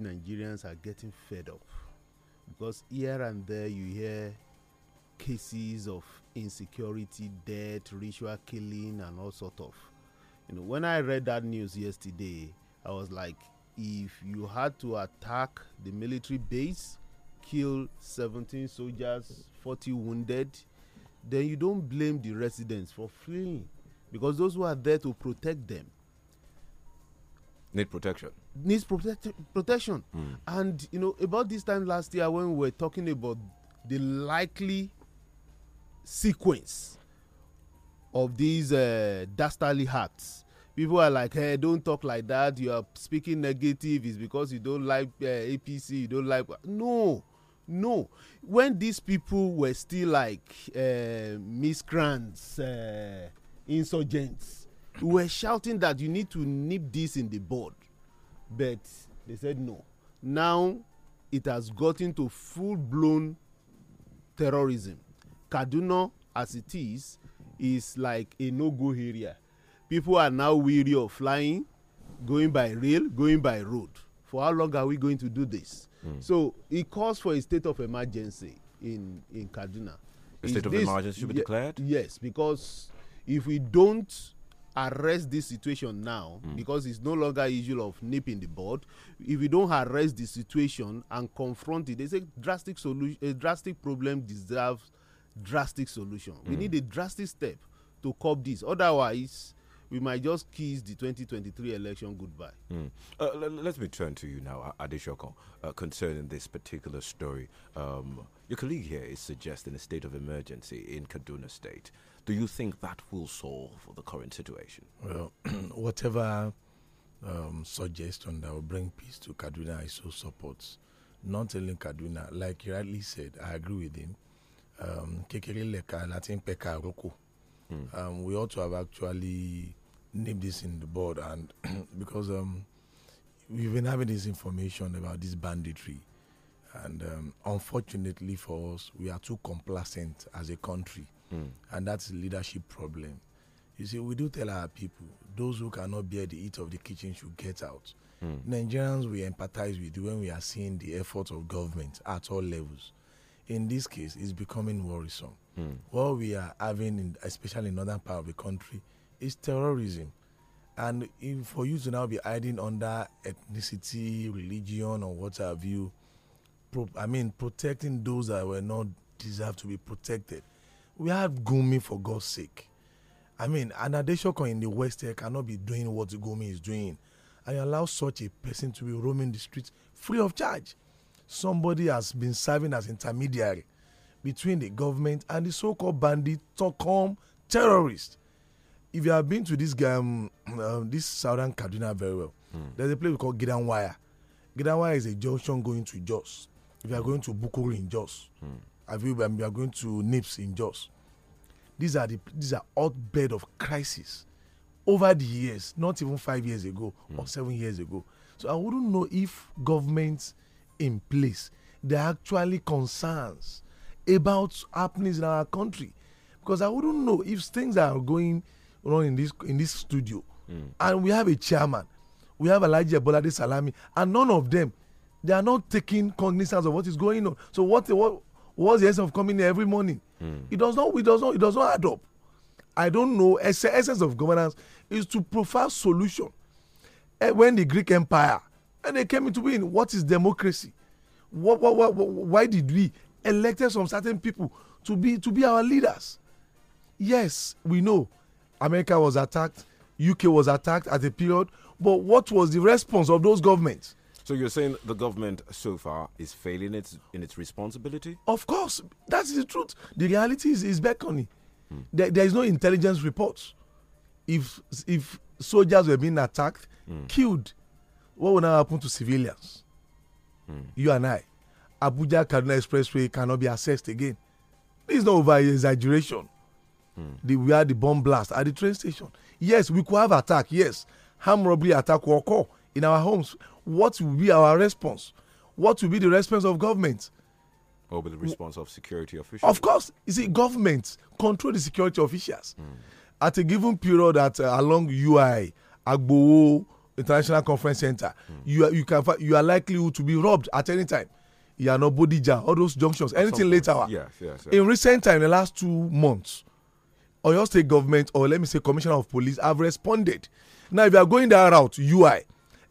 Nigerians are getting fed up because here and there you hear cases of insecurity, death, ritual killing, and all sort of. You know, when I read that news yesterday, I was like, if you had to attack the military base, kill 17 soldiers, 40 wounded, then you don't blame the residents for fleeing because those who are there to protect them need protection needs protect protection. Mm. And you know, about this time last year when we were talking about the likely sequence of these uh, dastardly acts, people are like, "Hey, don't talk like that. You are speaking negative. It's because you don't like uh, APC. You don't like." No, no. When these people were still like uh, miscreants, uh, insurgents, we were shouting that you need to nip this in the bud but they said no now it has gotten to full-blown terrorism kaduna as it is is like a no-go area people are now weary of flying going by rail going by road for how long are we going to do this mm. so it calls for a state of emergency in in kaduna a state is of this, emergency should be declared yes because if we don't arrest this situation now mm. because it's no longer issue of nipping the bud. If we don't arrest the situation and confront it, there's a drastic solution. A drastic problem deserves drastic solution. Mm. We hmm. need a drastic step to curb this. Otherwise, we might just kiss the 2023 election goodbye. Mm. Uh, let me turn to you now, Adeshokon, uh, concerning this particular story. Um, your colleague here is suggesting a state of emergency in Kaduna State. Do you think that will solve the current situation? Well, whatever um, suggestion that will bring peace to Kaduna, I so support. Not only Kaduna, like you rightly said, I agree with him. Um, Kekere Latin peka hmm. um, We ought to have actually named this in the board, and because um, we've been having this information about this banditry, and um, unfortunately for us, we are too complacent as a country Mm. And that's leadership problem. You see, we do tell our people, those who cannot bear the heat of the kitchen should get out. Mm. Nigerians, we empathize with when we are seeing the efforts of government at all levels. In this case, it's becoming worrisome. Mm. What we are having, in, especially in northern part of the country, is terrorism. And for you to now be hiding under ethnicity, religion, or what have you, I mean, protecting those that were not deserve to be protected we had Gumi for God's sake. I mean, an Adeshoko in the West here cannot be doing what Gumi is doing. And you allow such a person to be roaming the streets free of charge. Somebody has been serving as intermediary between the government and the so-called bandit, Tokom terrorist. If you have been to this guy, um, uh, this southern Kaduna very well, mm. there's a place called Gidanwaya. Gidanwaya is a junction going to Jos. If you are going to Bukuru in Jos, mm. Have you been, um, we are going to NIPS in Jos. These are the these are outbed of crisis over the years, not even five years ago mm. or seven years ago. So I wouldn't know if governments in place they're actually concerns about happenings in our country, because I wouldn't know if things are going wrong in this in this studio, mm. and we have a chairman, we have Elijah Bolade Salami, and none of them they are not taking cognizance of what is going on. So what what what's the essence of coming here every morning? Mm. It does not. It does not. It does not add up. I don't know. Essence of governance is to provide solution. Eh, when the Greek Empire and they came into being, what is democracy? What, what, what, why did we us some certain people to be to be our leaders? Yes, we know America was attacked, UK was attacked at a period, but what was the response of those governments? So you're saying the government so far is failing its in its responsibility? Of course, that's the truth. The reality is, is beckoning. Hmm. There, there is no intelligence reports. If if soldiers were being attacked, hmm. killed, what would now happen to civilians? Hmm. You and I, Abuja Kaduna Expressway cannot be accessed again. This is not over exaggeration. Hmm. The, we had the bomb blast at the train station. Yes, we could have attack. Yes, armed robbery attack will occur in our homes what will be our response? What will be the response of government? What will be the response of security officials? Of course, you see, government control the security officials. Mm. At a given period, at uh, along UI, Agbo International Conference Center, mm. you are, you can you are likely to be robbed at any time. You are not Bodija, all those junctions, anything later. Yes, yes, yes. In recent time, in the last two months, Oyo State government or let me say Commissioner of Police have responded. Now, if you are going that route, UI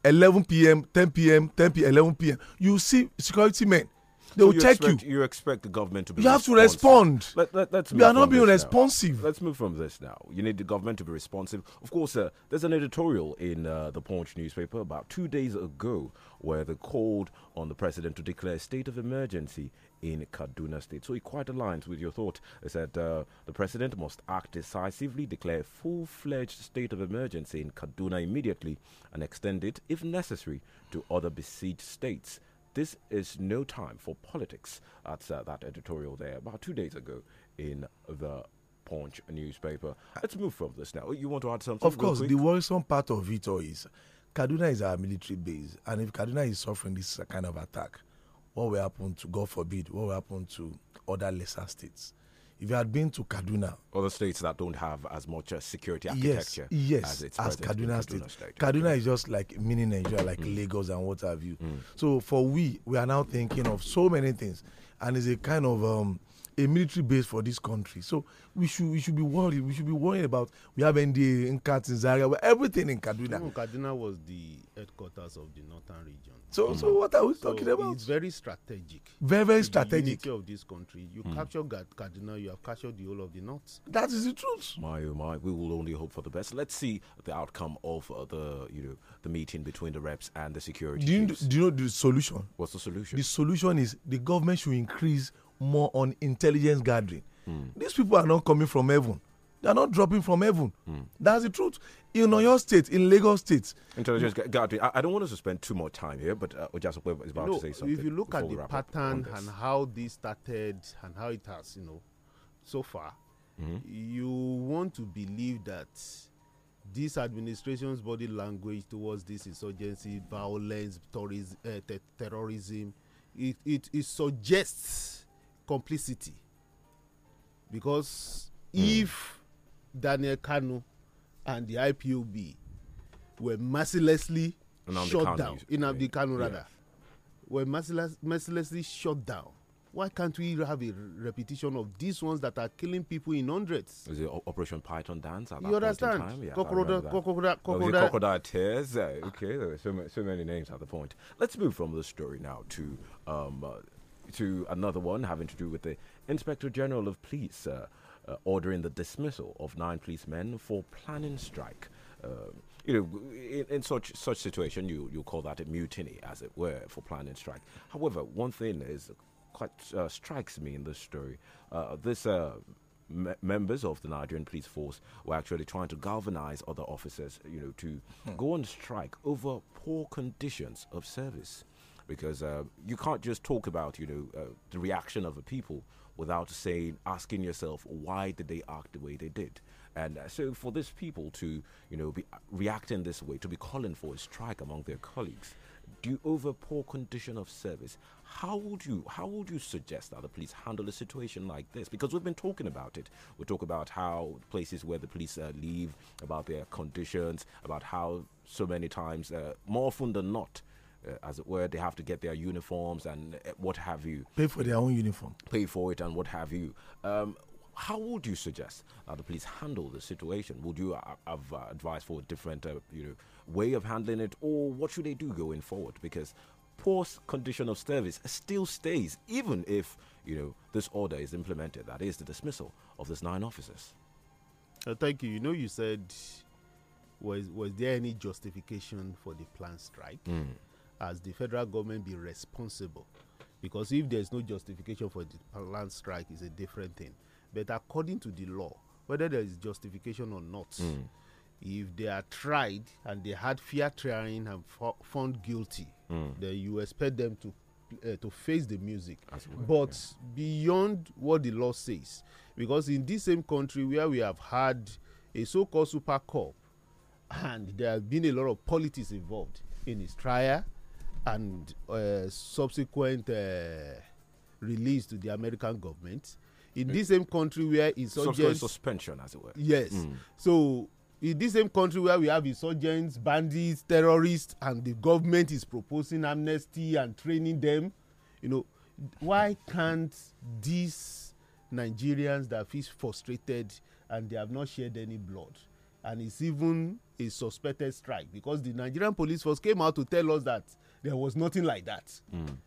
11 p.m., 10 p.m., 10 p.m., 11 p.m. You see security men. They so will take check you. You expect the government to be. You have to respond. Let, let, let's we are not being responsive. Now. Let's move from this now. You need the government to be responsive. Of course, uh, there's an editorial in uh, the Punch newspaper about two days ago where they called on the president to declare a state of emergency in Kaduna State. So it quite aligns with your thought is that uh, the president must act decisively, declare full-fledged state of emergency in Kaduna immediately, and extend it, if necessary, to other besieged states. This is no time for politics. That's uh, that editorial there about two days ago in the Punch newspaper. Let's move from this now. You want to add something? Of course, the worrisome part of it all is Kaduna is our military base, and if Kaduna is suffering this kind of attack, what will happen to God forbid, what will happen to other lesser states? If you had been to Kaduna, other states that don't have as much uh, security architecture, yes, yes, as, it's as Kaduna, Kaduna, state. state. Kaduna okay. is just like mini Nigeria, like mm. Lagos and what have you. Mm. So for we, we are now thinking of so many things, and it's a kind of um, a military base for this country. So we should we should be worried. We should be worried about we have NDA in Kat in everything in Kaduna. No, Kaduna was the headquarters of the northern region. So mm. so what are we so talking about? It's very strategic. Very very strategic. The of this country. You mm. capture Kaduna, you have captured the whole of the north. That is the truth. My oh my, we will only hope for the best. Let's see the outcome of uh, the you know the meeting between the reps and the security. Do you, do you know the solution? What's the solution? The solution is the government should increase more on intelligence gathering. Mm. These people are not coming from heaven. They are not dropping from heaven. Mm. That's the truth. In your State, in Lagos State. Intelligence gathering. I, I, don't want us to spend too much time here, but uh, just is about to say something. If you look at the pattern and how this started and how it has, you know, so far, mm you want to believe that this administration's body language towards this insurgency, violence, uh, terrorism, it, it, it suggests complicity because mm. if Daniel Kanu and the IPOB were mercilessly Inamdi shut Kanu, down, in yeah. Kanu rather, were merciless, mercilessly shut down, why can't we have a repetition of these ones that are killing people in hundreds? Is it Operation Python dance? At you understand? Yeah, crocodile, crocodile, crocodile. tears. Okay, there were so, so many names at the point. Let's move from this story now to um, uh, to another one having to do with the Inspector General of Police uh, uh, ordering the dismissal of nine policemen for planning strike. Uh, you know, in, in, such such situation, you you call that a mutiny, as it were, for planning strike. However, one thing is quite uh, strikes me in this story. Uh, this. Uh, members of the Nigerian police force were actually trying to galvanize other officers, you know, to hmm. go on strike over poor conditions of service because uh, you can't just talk about you know uh, the reaction of the people without saying asking yourself why did they act the way they did and uh, so for these people to you know be reacting this way to be calling for a strike among their colleagues due over poor condition of service how would you how would you suggest that the police handle a situation like this because we've been talking about it we talk about how places where the police uh, leave about their conditions about how so many times uh, more often than not uh, as it were, they have to get their uniforms and uh, what have you. Pay for their own uniform. Pay for it and what have you. Um, how would you suggest the police handle the situation? Would you uh, have uh, advice for a different, uh, you know, way of handling it, or what should they do going forward? Because poor condition of service still stays, even if you know this order is implemented. That is the dismissal of these nine officers. thank you. You know, you said was was there any justification for the planned strike? Mm as the federal government be responsible because if there's no justification for the land strike is a different thing but according to the law whether there is justification or not mm. if they are tried and they had fair trying and found guilty mm. then you expect them to uh, to face the music well, but yeah. beyond what the law says because in this same country where we have had a so-called super cop and there have been a lot of politics involved in his trial and uh, subsequent uh, release to the American government in this same country where insurgents suspension as it were. Yes. Mm. So in this same country where we have insurgents, bandits, terrorists, and the government is proposing amnesty and training them, you know, why can't these Nigerians that feel frustrated and they have not shed any blood? And it's even a suspected strike because the Nigerian police force came out to tell us that there was nothing like that. Mm.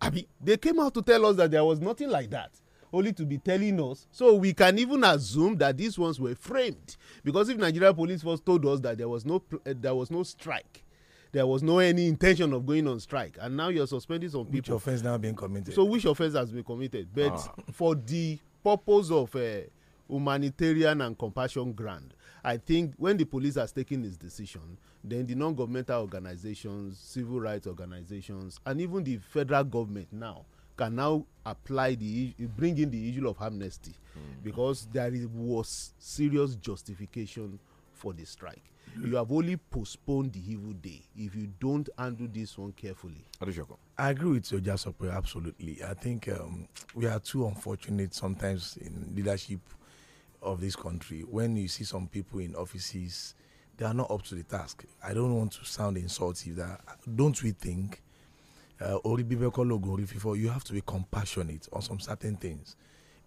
I mean, they came out to tell us that there was nothing like that, only to be telling us. So we can even assume that these ones were framed, because if Nigeria police force told us that there was no uh, there was no strike, there was no any intention of going on strike, and now you're suspending some people. Which offence now being committed? So which offence has been committed? But ah. for the purpose of uh, humanitarian and compassion grant, I think when the police has taken its decision, then the non-governmental organisations, civil rights organisations, and even the federal government now can now apply the bring in the issue of amnesty mm. because there was serious justification for the strike. You have only postponed the evil day if you don't handle this one carefully. I agree with you, Jasopo, absolutely. I think um, we are too unfortunate sometimes in leadership of this country, when you see some people in offices, they are not up to the task. I don't want to sound insulting, That don't we think, uh, you have to be compassionate on some certain things.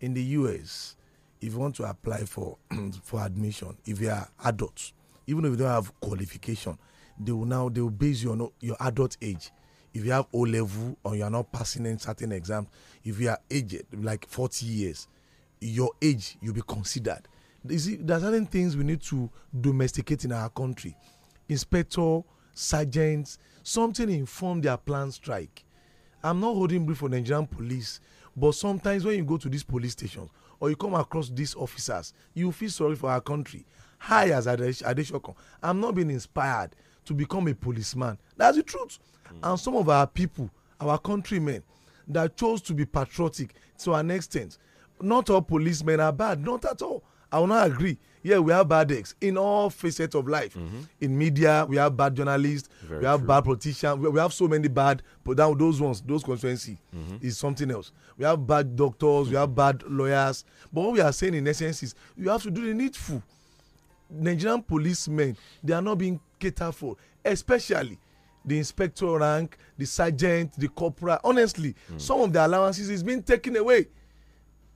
In the U.S., if you want to apply for for admission, if you are adults, even if you don't have qualification, they will now they will base you on your adult age. If you have O level or you are not passing in certain exams, if you are aged like 40 years, your age you'll be considered you there are certain things we need to domesticate in our country inspector sergeants something inform their planned strike i'm not holding brief for nigerian police but sometimes when you go to these police stations or you come across these officers you feel sorry for our country as i'm not being inspired to become a policeman that's the truth mm. and some of our people our countrymen that chose to be patriotic to an extent not all policemen are bad. Not at all. I will not agree. Yeah, we have bad eggs in all facets of life. Mm -hmm. In media, we have bad journalists, Very we have true. bad politicians, we, have so many bad, but now those ones, those constituency mm -hmm. is something else. We have bad doctors, mm -hmm. we have mm-hmm. bad lawyers. But what we are saying in essence is you have to do the needful. Nigerian policemen, they are not being catered for, especially the inspector rank, the sergeant, the corporal. Honestly, mm. some of the allowances is being taken away.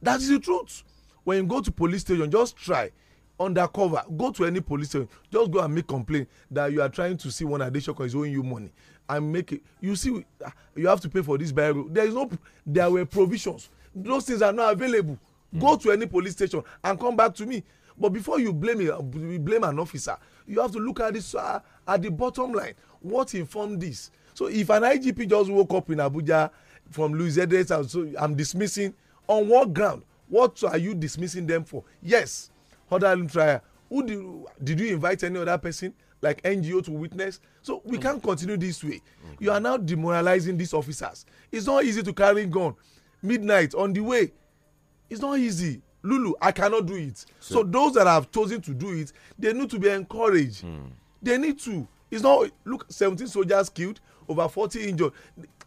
that is the truth when you go to police station just try undercover go to any police station just go and make complaint that you are trying to see one adesokan is owing you money and make it you see you have to pay for this biro there is no there were provisions those things are not available mm. go to any police station and come back to me but before you blame a, uh, blame an officer you have to look at this uh, at the bottom line what informed this so if an igp just woke up in abuja from louis edes and so i'm dismissing on what ground what are you dismissing them for yes other trial who did, did you invite any other person like ngo to witness so we mm. can't continue this way okay. you are now demoralizing these officers it's not easy to carry gun midnight on the way it's not easy lulu i cannot do it so, so those that have chosen to do it they need to be encouraged mm. they need to it's not look 17 soldiers killed over 40 injured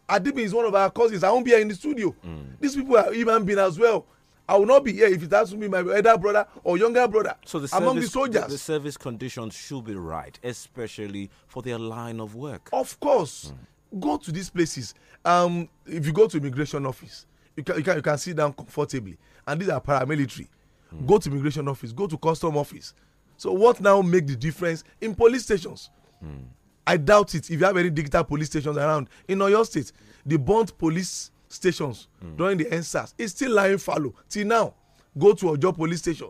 Adibi is one of our cousins. I won't be here in the studio. Mm. These people are human beings as well. I will not be here if it has to be my elder brother or younger brother so the among service, the soldiers. The, service conditions should be right, especially for their line of work. Of course. Mm. Go to these places. Um, if you go to immigration office, you can, you can, you can sit down comfortably. And these are paramilitary. Mm. Go to immigration office, go to custom office. So what now make the difference in police stations? Mm. I doubt it if you have any digital police stations around. In Oyo State, the burnt police stations mm. during the NSAS is still lying fallow till now. Go to Ojo police station.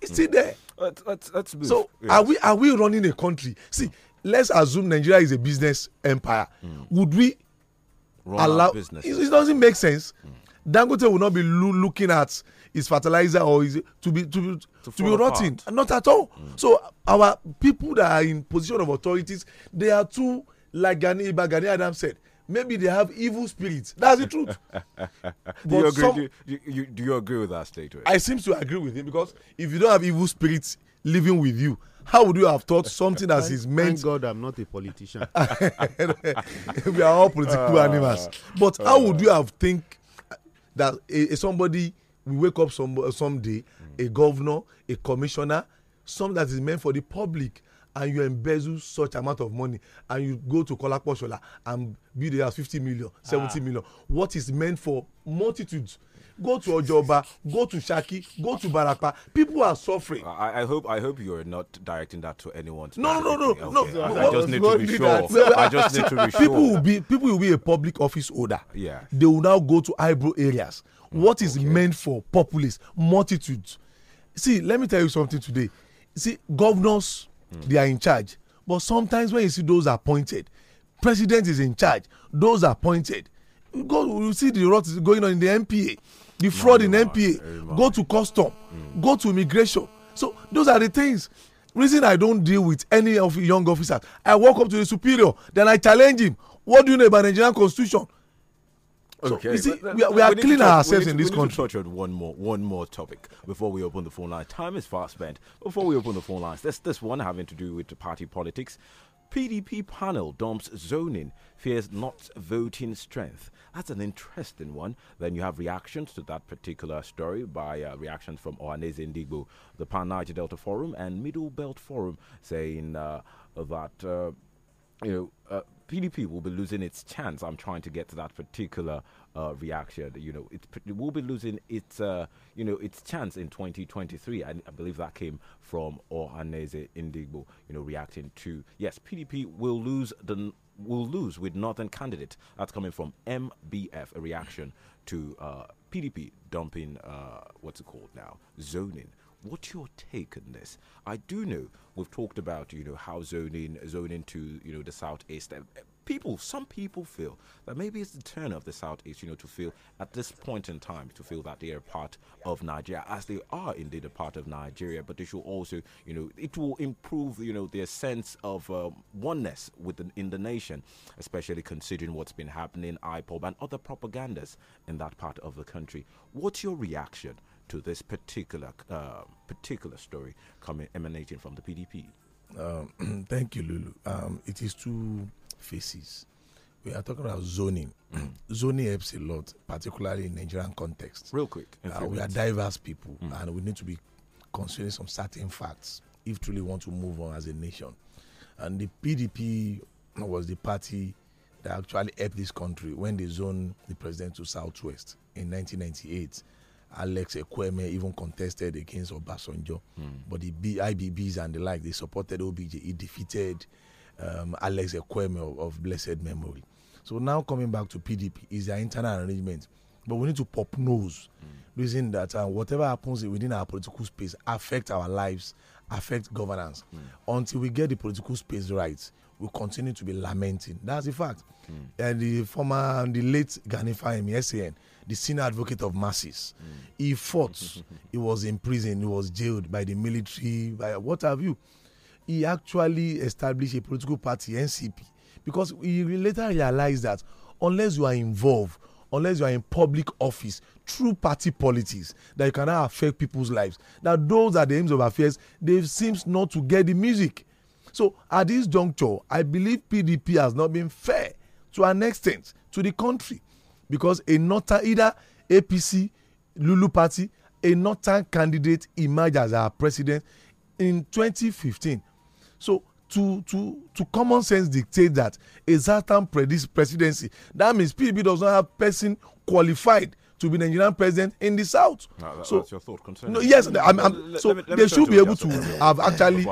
It's mm. still hmm. there. Let's, let's, let's move. So yes. are we are we running a country? See, let's assume Nigeria is a business empire. Mm. Would we Run allow It, it doesn't make sense. Mm. Dangote will not be lo looking at is fertilizer or is to be to be to, to be rotten not at all mm. so our people that are in position of authorities they are too like gani iba gani adam said maybe they have evil spirits that's the truth do, you agree, some, do, you, do, you agree, with that statement i seem to agree with him because if you don't have evil spirits living with you how would you have taught something that is meant thank god i'm not a politician we are all political uh, animals but how would you have think that a, a somebody we wake up some uh, someday mm. a governor a commissioner some that is meant for the public and you embezzle such amount of money and you go to kolapo and build a house fifty million seventy ah. million what is meant for multitudes go to Ojoba, go to Shaki, go to Barapa. People are suffering. I, I hope I hope you're not directing that to anyone. no, no, no, no, okay. no. I, just need to be sure. That. I just need to be sure. People will be people will be a public office holder. Yeah. They will now go to eyebrow areas. what is okay. meant for populace, multitudes? See, let me tell you something today. See, governors, mm. they are in charge. But sometimes when you see those appointed, president is in charge, those appointed. Go, you see the rot going on in the MPA the fraud in npa go to custom hmm. go to immigration so those are the things reason i don't deal with any of young officers i walk up to the superior then i challenge him what do you know about nigerian constitution so, okay. See, we are, we are we cleaning ourselves we in this we country. to touch on one more, one more topic before we open the phone line. Time is fast spent. Before we open the phone lines, this this one having to do with the party politics. PDP panel dumps zoning, fears not voting strength. That's an interesting one. Then you have reactions to that particular story by uh, reactions from Oanese Indigo, the Pan Niger Delta Forum, and Middle Belt Forum, saying uh, that uh, you know. PDP uh, will be losing its chance. I'm trying to get to that particular uh, reaction. You know, it, it, will be losing its uh, you know its chance in 2023. I, I believe that came from Ohaneze Indigbo. You know, reacting to yes, PDP will lose the will lose with northern candidate. That's coming from MBF, a reaction to uh, PDP dumping uh, what's it called now zoning. What's your take on this? I do know we've talked about you know how zoning zoning to you know the southeast uh, people, some people feel that maybe it's the turn of the Southeast, you know, to feel at this point in time, to feel that they are part of Nigeria, as they are indeed a part of Nigeria, but they should also, you know, it will improve, you know, their sense of um, oneness within in the nation, especially considering what's been happening, IPOB and other propagandas in that part of the country. What's your reaction to this particular uh, particular story coming emanating from the PDP? Um, thank you, Lulu. Um, it is too faces. We are talking about zoning. Mm. Zoning helps a lot, particularly in Nigerian context. Real quick. Uh, we are diverse people mm. and we need to be considering some certain facts if truly want to move on as a nation. And the PDP was the party that actually helped this country when they zoned the president to Southwest in 1998. Alex Ekweme even contested against Obasanjo. Mm. But the IBBs and the like, they supported OBJ. He defeated um, Alex Ekweme of, of, blessed memory. So now coming back to PDP is their internal arrangement, but we need to pop nose, mm. reason that uh, whatever happens within our political space affect our lives, affect governance. Mm. Until we get the political space right, we continue to be lamenting. That's the fact. Mm. And the former, the late Ganifa MESAN, the senior advocate of masses, mm. he fought. he was in prison. He was jailed by the military. By what have you? he actually established a political party, NCP, because he later realized that unless you are involved, unless you are in public office, through party politics, that you cannot affect people's lives. That those are the aims of affairs. They seems not to get the music. So at this juncture, I believe PDP has not been fair to an extent to the country, because a northern either APC, Lulu Party, a northern candidate emerged as our president in 2015 So to to to common sense dictate that a certain presidency that means PDP does not have person qualified to be Nigerian president in the south. that, so that's your thought concerning. No, yes, I'm, I'm, so let me, let they should be able to have actually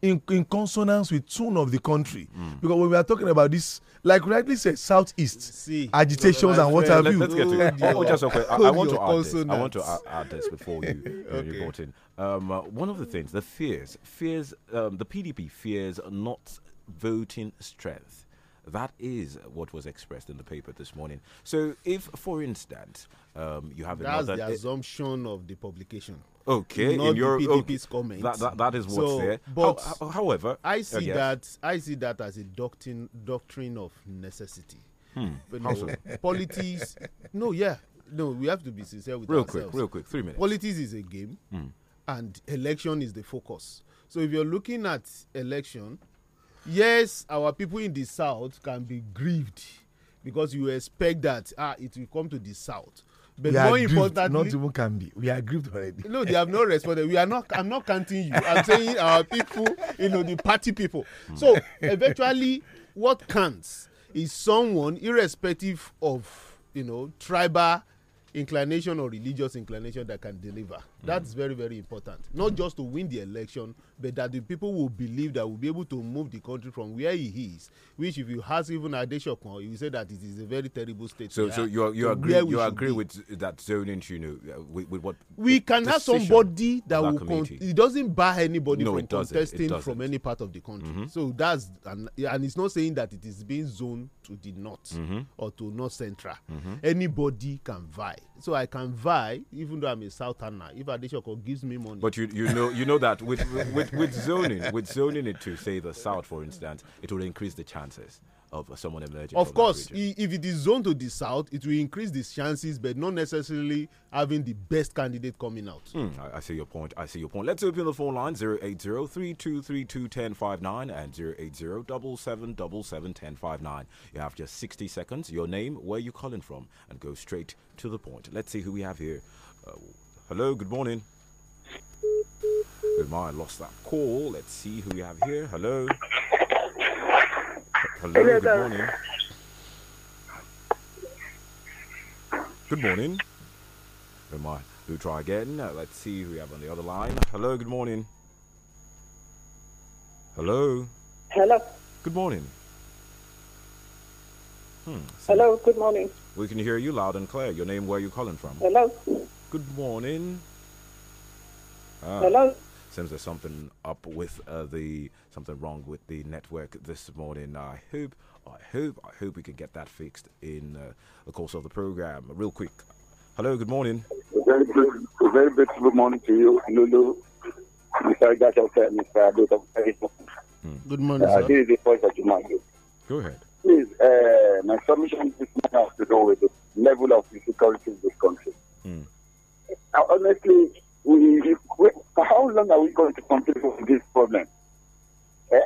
in in consonance with tune of the country mm. because when we are talking about this, like rightly said, southeast See, agitations and what have you. Let's get to it. Oh, just okay. I, I, want to add this. I want to add, add this before you, uh, okay. you brought in. Um, uh, one of the things, the fears, fears, um, the PDP fears not voting strength. That is what was expressed in the paper this morning. So, if, for instance, um, you have that's another, the assumption of the publication. Okay, not in your PDP's okay, comments. That, that, that is what's so, there. But how, however, I uh, see oh, yes. that I see that as a doctrine doctrine of necessity. Hmm. But no, politics. No, yeah, no. We have to be sincere with real ourselves. Real quick, real quick. Three minutes. Politics is a game. Hmm and election is the focus. So if you're looking at election, yes, our people in the south can be grieved because you expect that ah it will come to the south. But we more grieved, importantly, not even can be. We are grieved already. No, they have not responded. We are not. I'm not counting you. I'm saying our people, you know, the party people. So eventually, what counts is someone, irrespective of you know tribal inclination or religious inclination, that can deliver. That's very, very important. Not just to win the election, but that the people will believe that we'll be able to move the country from where he is. Which, if you ask even Adeshokon, he will say that it is a very terrible state. So, so you, are, you agree, you agree be. with that zoning, you know, uh, with, with what we can have somebody that, will. it doesn't bar anybody no, from contesting from any part of the country. Mm -hmm. So that's and, and it's not saying that it is being zoned to the north mm -hmm. or to north central. Mm -hmm. Anybody can vie so I can vie, even though I'm a southerner, if Adeshoko gives me money. But you, you know you know that with, with, with, with zoning, with zoning it to say the south, for instance, it will increase the chances of someone emerging. Of course, if it is zoned to the south, it will increase the chances, but not necessarily having the best candidate coming out. Mm, I, I, see your point. I see your point. Let's open the phone line 080-3232-1059 and 080-777-1059. You have just 60 seconds. Your name, where you calling from, and go straight to the point. Let's see who we have here. Uh, hello, good morning. Oh my, I lost that call. Let's see who we have here. Hello. Hello, good morning. Good morning. Who am I? will try again. Uh, let's see who we have on the other line. Hello, good morning. Hello. Hello. Good morning. Hmm, so Hello, good morning. We can hear you loud and clear. Your name, where are you calling from? Hello. Good morning. Ah. Hello. Seems there's something up with uh, the something wrong with the network this morning. I hope, I hope, I hope we can get that fixed in uh, the course of the program. Real quick. Hello. Good morning. Very good. Very beautiful morning to you, Lulu. Mr. Gasha, Mr. Adotam. Good morning, uh, sir. This is the voice of Jumanji. Go ahead. Please, uh, my submission this morning has to do with the level of difficulties in this country. Mm. Now, honestly, we, we, how long are we going to continue with this problem? Eh?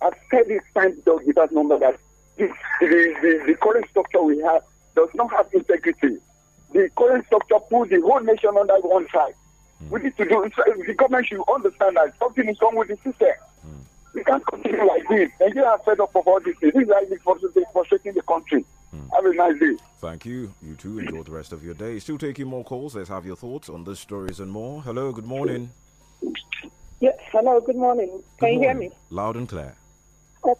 I've said this time, Doug, not number that this, the, the, the current structure we have does not have integrity. The current structure pulls the whole nation under one side. Mm. We need to do, the government should understand that something is wrong with the system. Mm. We can't continue like this. Nigeria are fed up of all this. This is like frustrating the country. Hmm. Have a nice day. Thank you. You too. Enjoy the rest of your day. Still taking more calls. Let's have your thoughts on these stories and more. Hello. Good morning. Yes. Hello. Good morning. Can good you morning. hear me? Loud and clear. Oh,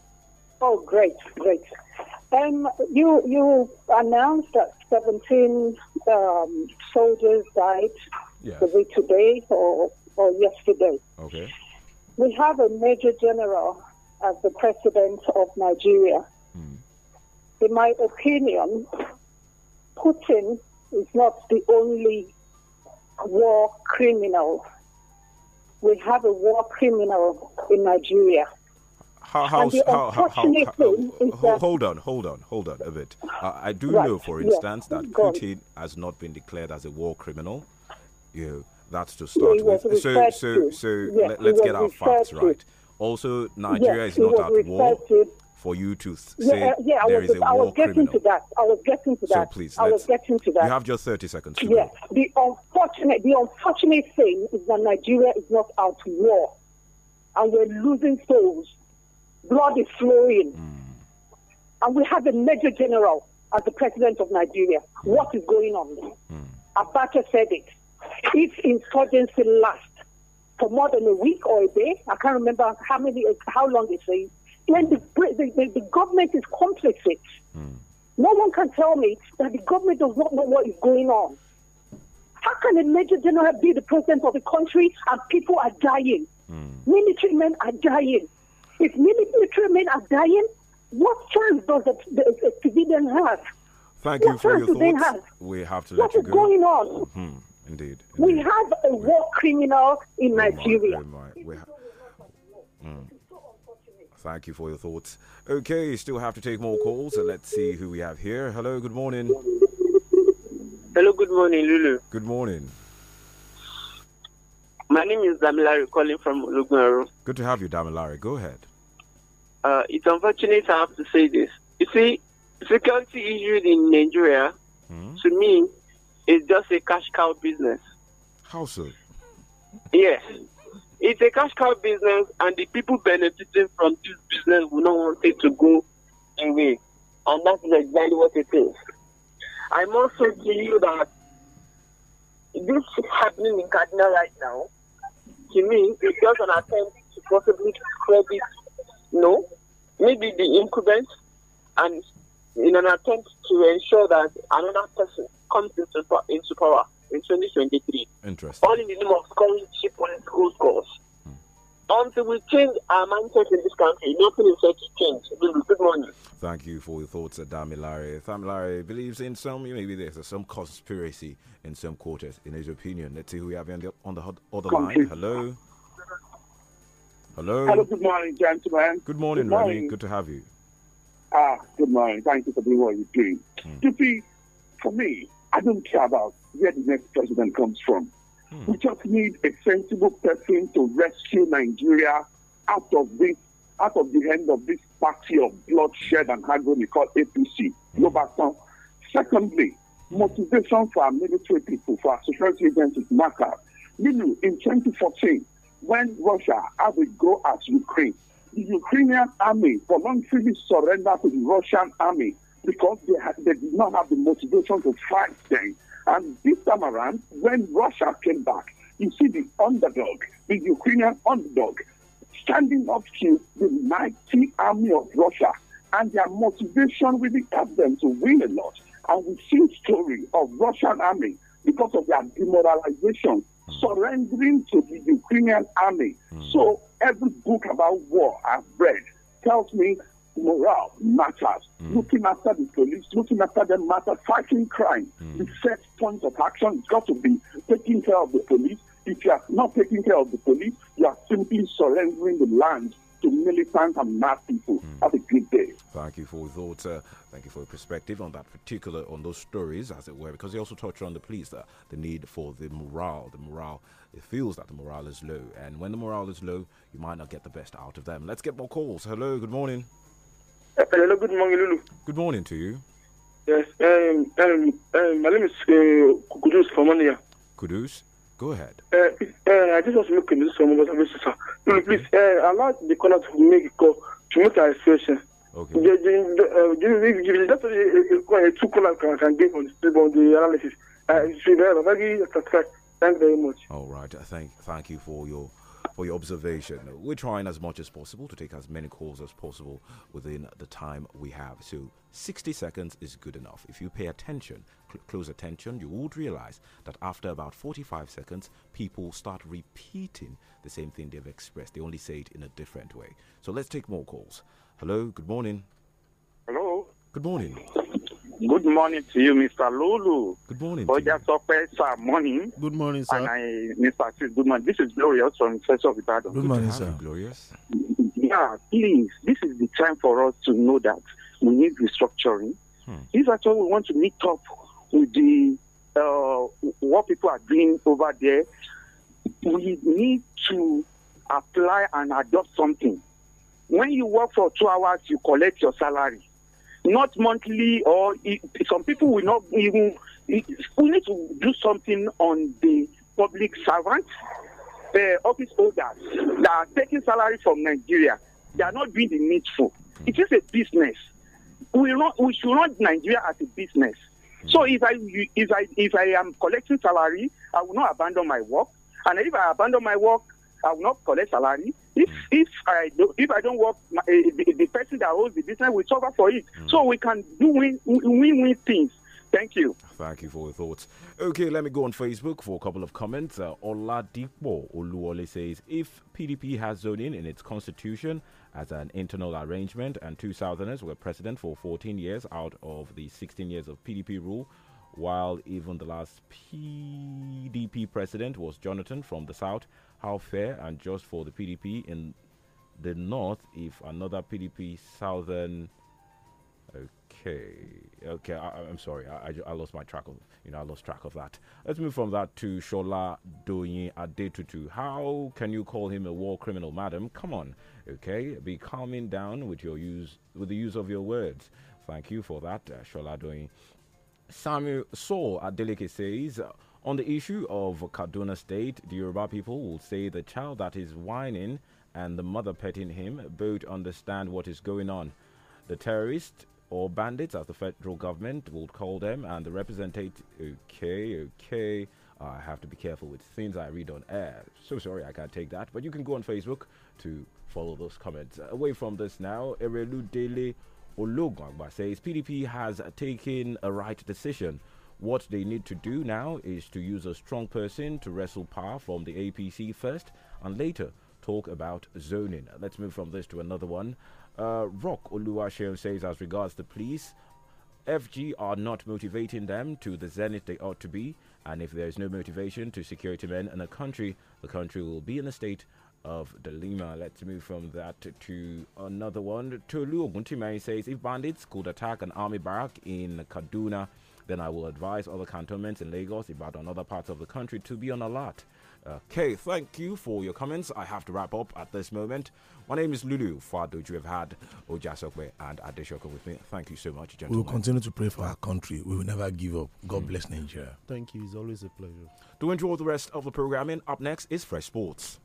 oh, great, great. Um, you you announced that 17 um, soldiers died yes. the day today or, or yesterday. Okay. We have a major general as the president of Nigeria. Mm. In my opinion, Putin is not the only war criminal. We have a war criminal in Nigeria. How, how, how, how, how, hold on, hold on, hold on a bit. Uh, I do right, know, for instance, yes, that Putin has not been declared as a war criminal. You know, that's to start with. So, so, so let, us get our facts right. Also, Nigeria is not at war for you to say uh, yeah, yeah, there was, is war was getting criminal. to that. I was getting to that. So please, I was getting to that. You have just 30 seconds. Yes. Go. The unfortunate, the unfortunate thing is that Nigeria is not at war, and we're losing souls. Blood is flowing, mm. and we have a major general as the president of Nigeria. Mm. What is going on? Mm. Abacha said it. If insurgency lasts for more than a week or a day, I can't remember how many, how long it's been, then the, the, the, government is complicit. Mm. No one can tell me that the government does not know what is going on. How can a major general be the president of a country and people are dying? Mm. Military men are dying. If military men are dying, what chance does a, a, a civilian have? Thank what you for your thoughts. Have? We have to what let you go. What is going on? Mm-hmm. Indeed, We have a war criminal in oh Nigeria. My, Ha- mm. Thank you for your thoughts. Okay, still have to take more calls, and let's see who we have here. Hello, good morning. Hello, good morning, Lulu. Good morning. My name is Damilari, calling from Lugunaro. Good to have you, Damilari. Go ahead. Uh, it's unfortunate I have to say this. You see, security issues in Nigeria, mm. to me, it's just a cash cow business. How so? Yes. It's a cash cow business, and the people benefiting from this business will not want it to go away. And that's exactly what it is. I must say to you that this is happening in Cardinal right now, to me, it's just an attempt to possibly credit, no, maybe the incumbent, and in an attempt to ensure that another person comes into, into power in 2023. Interesting. All in the name of scoring cheap political scores. Hmm. Until we change our mindset in this country, nothing is going to change. Good morning. Thank you for your thoughts, Damilare. Damilare believes in some, maybe there's some conspiracy in some quarters, in his opinion. Let's see who we have on the, on the other Come line. Hello. Hello. Hello, good morning, gentlemen. Good morning, morning. Remy. Good to have you. Ah, good morning. Thank you for doing what you're doing. Mm. You see, for me, I don't care about where the next president comes from. Hmm. We just need a sensible person to rescue Nigeria out of this, out of the end of this party of bloodshed and agony called APC. Robertson. Hmm. Secondly, motivation for our military people, for our security agents is You know, in 2014, when Russia had a go at Ukraine, the Ukrainian army voluntarily surrendered to the Russian army because they, they did not have the motivation to fight then. And this time around, when Russia came back, you see the underdog, the Ukrainian underdog, standing up to the mighty army of Russia. And their motivation really helped them to win a lot. And we see story of Russian army because of their demoralization, hmm. surrendering to the Ukrainian army. Hmm. So every book about war I've read tells me morale matters. Mm. Looking after the police, looking after them matters. Fighting crime, mm. the set points of action, it's got to be taking care of the police. If you are not taking care of the police, you are simply surrendering the land to militants and mad people. Mm. Have a good day. Thank you for your thoughts. Uh, thank you for your perspective on that particular, on those stories, as it were, because you also touched on the police, uh, the need for the morale, the morale. It feels that the morale is low, and when the morale is low, you might not get the best out of them. Let's get more calls. Hello, good morning. Hello, good morning, Lulu. Good morning to you. Yes, um, um, um, my name is uh, Kudus Komania. Kudus, go ahead. Uh, uh, I just want to make a message about service, sir. Lulu, please, uh, allow the corner to make a call, to make a expression. Okay. The, the, uh, that's a, a, a two caller can, can give on the, on the analysis. Uh, it's very, very satisfying. Thank you very much. All right. Thank, thank you for your for your observation. We're trying as much as possible to take as many calls as possible within the time we have. So 60 seconds is good enough. If you pay attention, cl- close attention, you would realize that after about 45 seconds, people start repeating the same thing they've expressed. They only say it in a different way. So let's take more calls. Hello, good morning. Hello. Good morning. Good morning to you, Mr. Lulu. Good morning. Oja Sope, sir, morning. Good morning, sir. And I, Mr. Chief, good morning. This is Glorious from First of Ibadan. Good, good morning, sir. Glorious. Yeah, please, this is the time for us to know that we need restructuring. Hmm. If at all we want to meet up with the uh, what people are doing over there, we need to apply and adopt something. When you work for two hours, you collect your salary not monthly or some people will not even we need to do something on the public servants uh, office holders that are taking salary from nigeria they are not doing the needful it is a business we we should run nigeria as a business so if i if i if i am collecting salary i will not abandon my work and if i abandon my work I will not collect salary. If hmm. if I do, if I don't work, my, uh, the, the, person that owns the business will suffer for it. Mm. So we can do win win win things. Thank you. Thank you for your thoughts. Okay, let me go on Facebook for a couple of comments. Uh, Dipo Oluole says, if PDP has zoning in its constitution as an internal arrangement and 2000 southerners were president for 14 years out of the 16 years of PDP rule, while even the last PDP president was Jonathan from the South, how fair and just for the PDP in the north if another PDP southern. Okay, okay. I, am sorry. I, I, I, lost my track of you know I lost track of that. Let's move from that to Shola Doyin Adetutu. How can you call him a war criminal, madam? Come on, okay. Be calming down with your use with the use of your words. Thank you for that, uh, Shola Doyin. Samuel Saul Adelike says. On the issue of Kaduna State, the Yoruba people will say the child that is whining and the mother petting him both understand what is going on. The terrorists or bandits, as the federal government would call them, and the representative. Okay, okay. I have to be careful with things I read on air. So sorry, I can't take that. But you can go on Facebook to follow those comments. Away from this now, Erelu Dele Ologwangba says PDP has taken a right decision what they need to do now is to use a strong person to wrestle power from the APC first and later talk about zoning. Let's move from this to another one. Uh, Rock Oluwaseun says, as regards the police, FG are not motivating them to the zenith they ought to be, and if there is no motivation to security men in a country, the country will be in a state of dilemma. Let's move from that to another one. Tolu Oguntimai says, if bandits could attack an army barrack in Kaduna, then I will advise other cantonments in Lagos, about other parts of the country to be on alert. Okay, thank you for your comments. I have to wrap up at this moment. My name is Lulu Fadoju. you have had Ojasokwe and Adeshoko with me. Thank you so much, gentlemen. We will continue to pray for our country. We will never give up. God mm. bless Nigeria. Thank you. It's always a pleasure. To enjoy the rest of the programming, up next is Fresh Sports.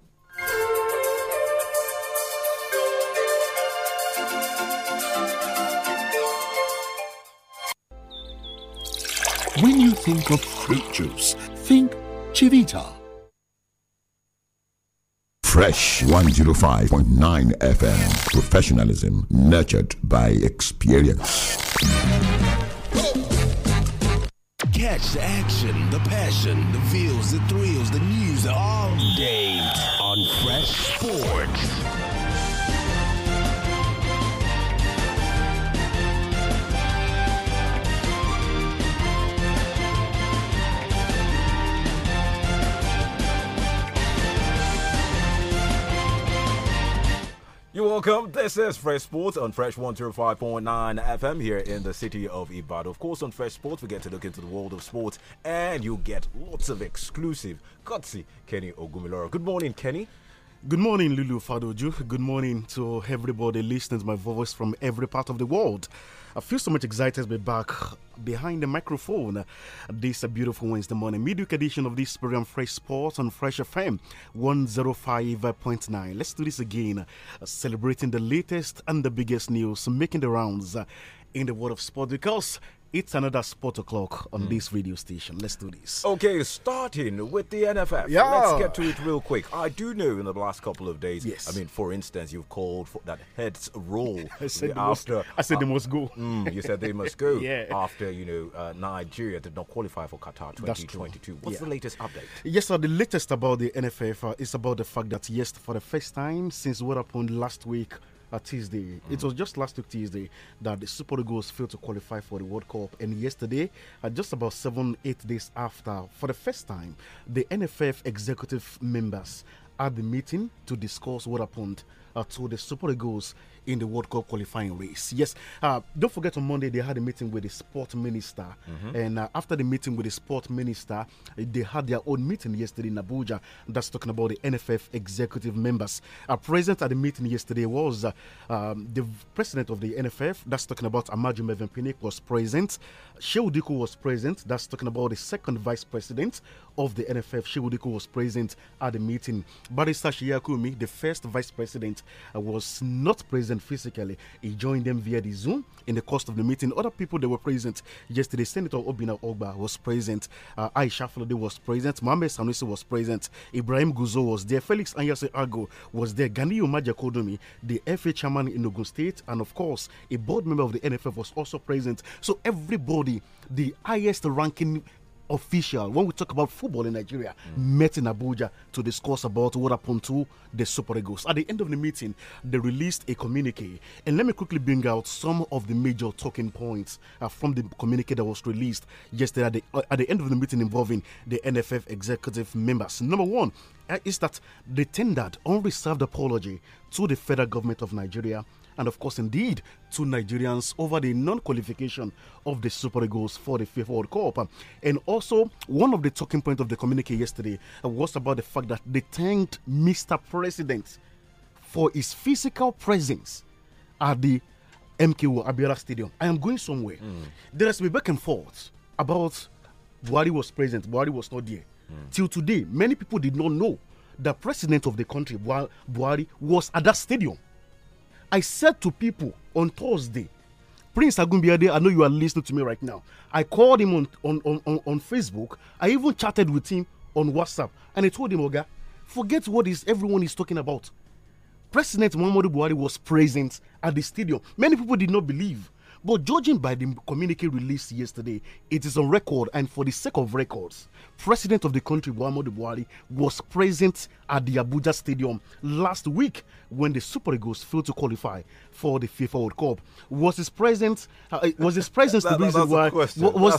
When you think of fruit juice, think Chivita. Fresh 105.9 FM. Professionalism nurtured by experience. Catch the action, the passion, the feels, the thrills, the news all day on Fresh Sports. welcome. This is Fresh Sports on Fresh 105.9 FM here in the city of Ibadan. Of course, on Fresh Sports, we get to look into the world of sports and you get lots of exclusive gutsy Kenny Ogumiloro. Good morning, Kenny. Good morning, Lulu Fadoju. Good morning to everybody listening to my voice from every part of the world. I feel so much excited to be back behind the microphone this beautiful Wednesday morning. Midweek edition of this program, Fresh Sports on Fresh FM 105.9. Let's do this again, uh, celebrating the latest and the biggest news making the rounds uh, in the world of sport because it's another sport o'clock on mm. this radio station. Let's do this. Okay, starting with the NFF. Yeah. Let's get to it real quick. I do know in the last couple of days, yes. I mean, for instance, you've called for that heads roll. I said, after, must, I said uh, they must go. Mm, you said they must go yeah. after, you know, uh, Nigeria did not qualify for Qatar 2022. What's yeah. the latest update? Yes, sir. The latest about the NFF uh, is about the fact that, yes, for the first time since what happened last week, uh, Tuesday. Mm -hmm. It was just last week Tuesday that the Super Eagles failed to qualify for the World Cup, and yesterday, uh, just about seven eight days after, for the first time, the NFF executive members had the meeting to discuss what happened uh, to the Super Eagles in the World Cup qualifying race. Yes, uh, don't forget on Monday they had a meeting with the sport minister, mm -hmm. and uh, after the meeting with the sport minister, eh, they had their own meeting yesterday in Abuja. That's talking about the NFF executive members. Uh, present at the meeting yesterday was uh, um, the president of the NFF. That's talking about Amaju Mevin was present. Sheudiku was present. That's talking about the second vice president of the NFF. Sheudiku was present at the meeting. Barista Shiakumi, the first vice president, uh, was not present present physically. He joined them via the Zoom in the course of the meeting. Other people that were present yesterday, Senator Obina Ogba was present, uh, Aisha Flode was present, Mohamed Sanusi was present, Ibrahim Guzo was there, Felix Anyase Ago was there, Ganiyu Kodomi, the FA chairman in Ogun State, and of course, a board member of the NFF was also present. So everybody, the highest ranking official, when we talk about football in Nigeria, mm. met in Abuja to discuss about what happened to the Super Eagles. At the end of the meeting, they released a communique. And let me quickly bring out some of the major talking points uh, from the communique that was released yesterday at the, uh, at the end of the meeting involving the NFF executive members. Number one, uh, is that they tendered unreserved apology to the federal government of Nigeria and, of course, indeed, two Nigerians over the non qualification of the Super Eagles for the FIFA World Cup. And also, one of the talking points of the communique yesterday was about the fact that they thanked Mr. President for his physical presence at the MKO Abiola Stadium. I am going somewhere. Mm. There has been back and forth about Buhari was present, Buhari was not there. Mm. Till today, many people did not know the president of the country, Buhari, was at that stadium. I said to people on Thursday, Prince Agumbiade, I know you are listening to me right now. I called him on, on, on, on Facebook. I even chatted with him on WhatsApp. And I told him, Oga, forget what is everyone is talking about. President Muhammadu Buhari was present at the stadium. Many people did not believe. But judging by the communique released yesterday, it is on record and for the sake of records, President of the country, Muhammadu Buhari, was present at the Abuja Stadium last week when the Super Eagles failed to qualify for the FIFA World Cup. Was his presence? Uh, uh was his presence that, the reason why? was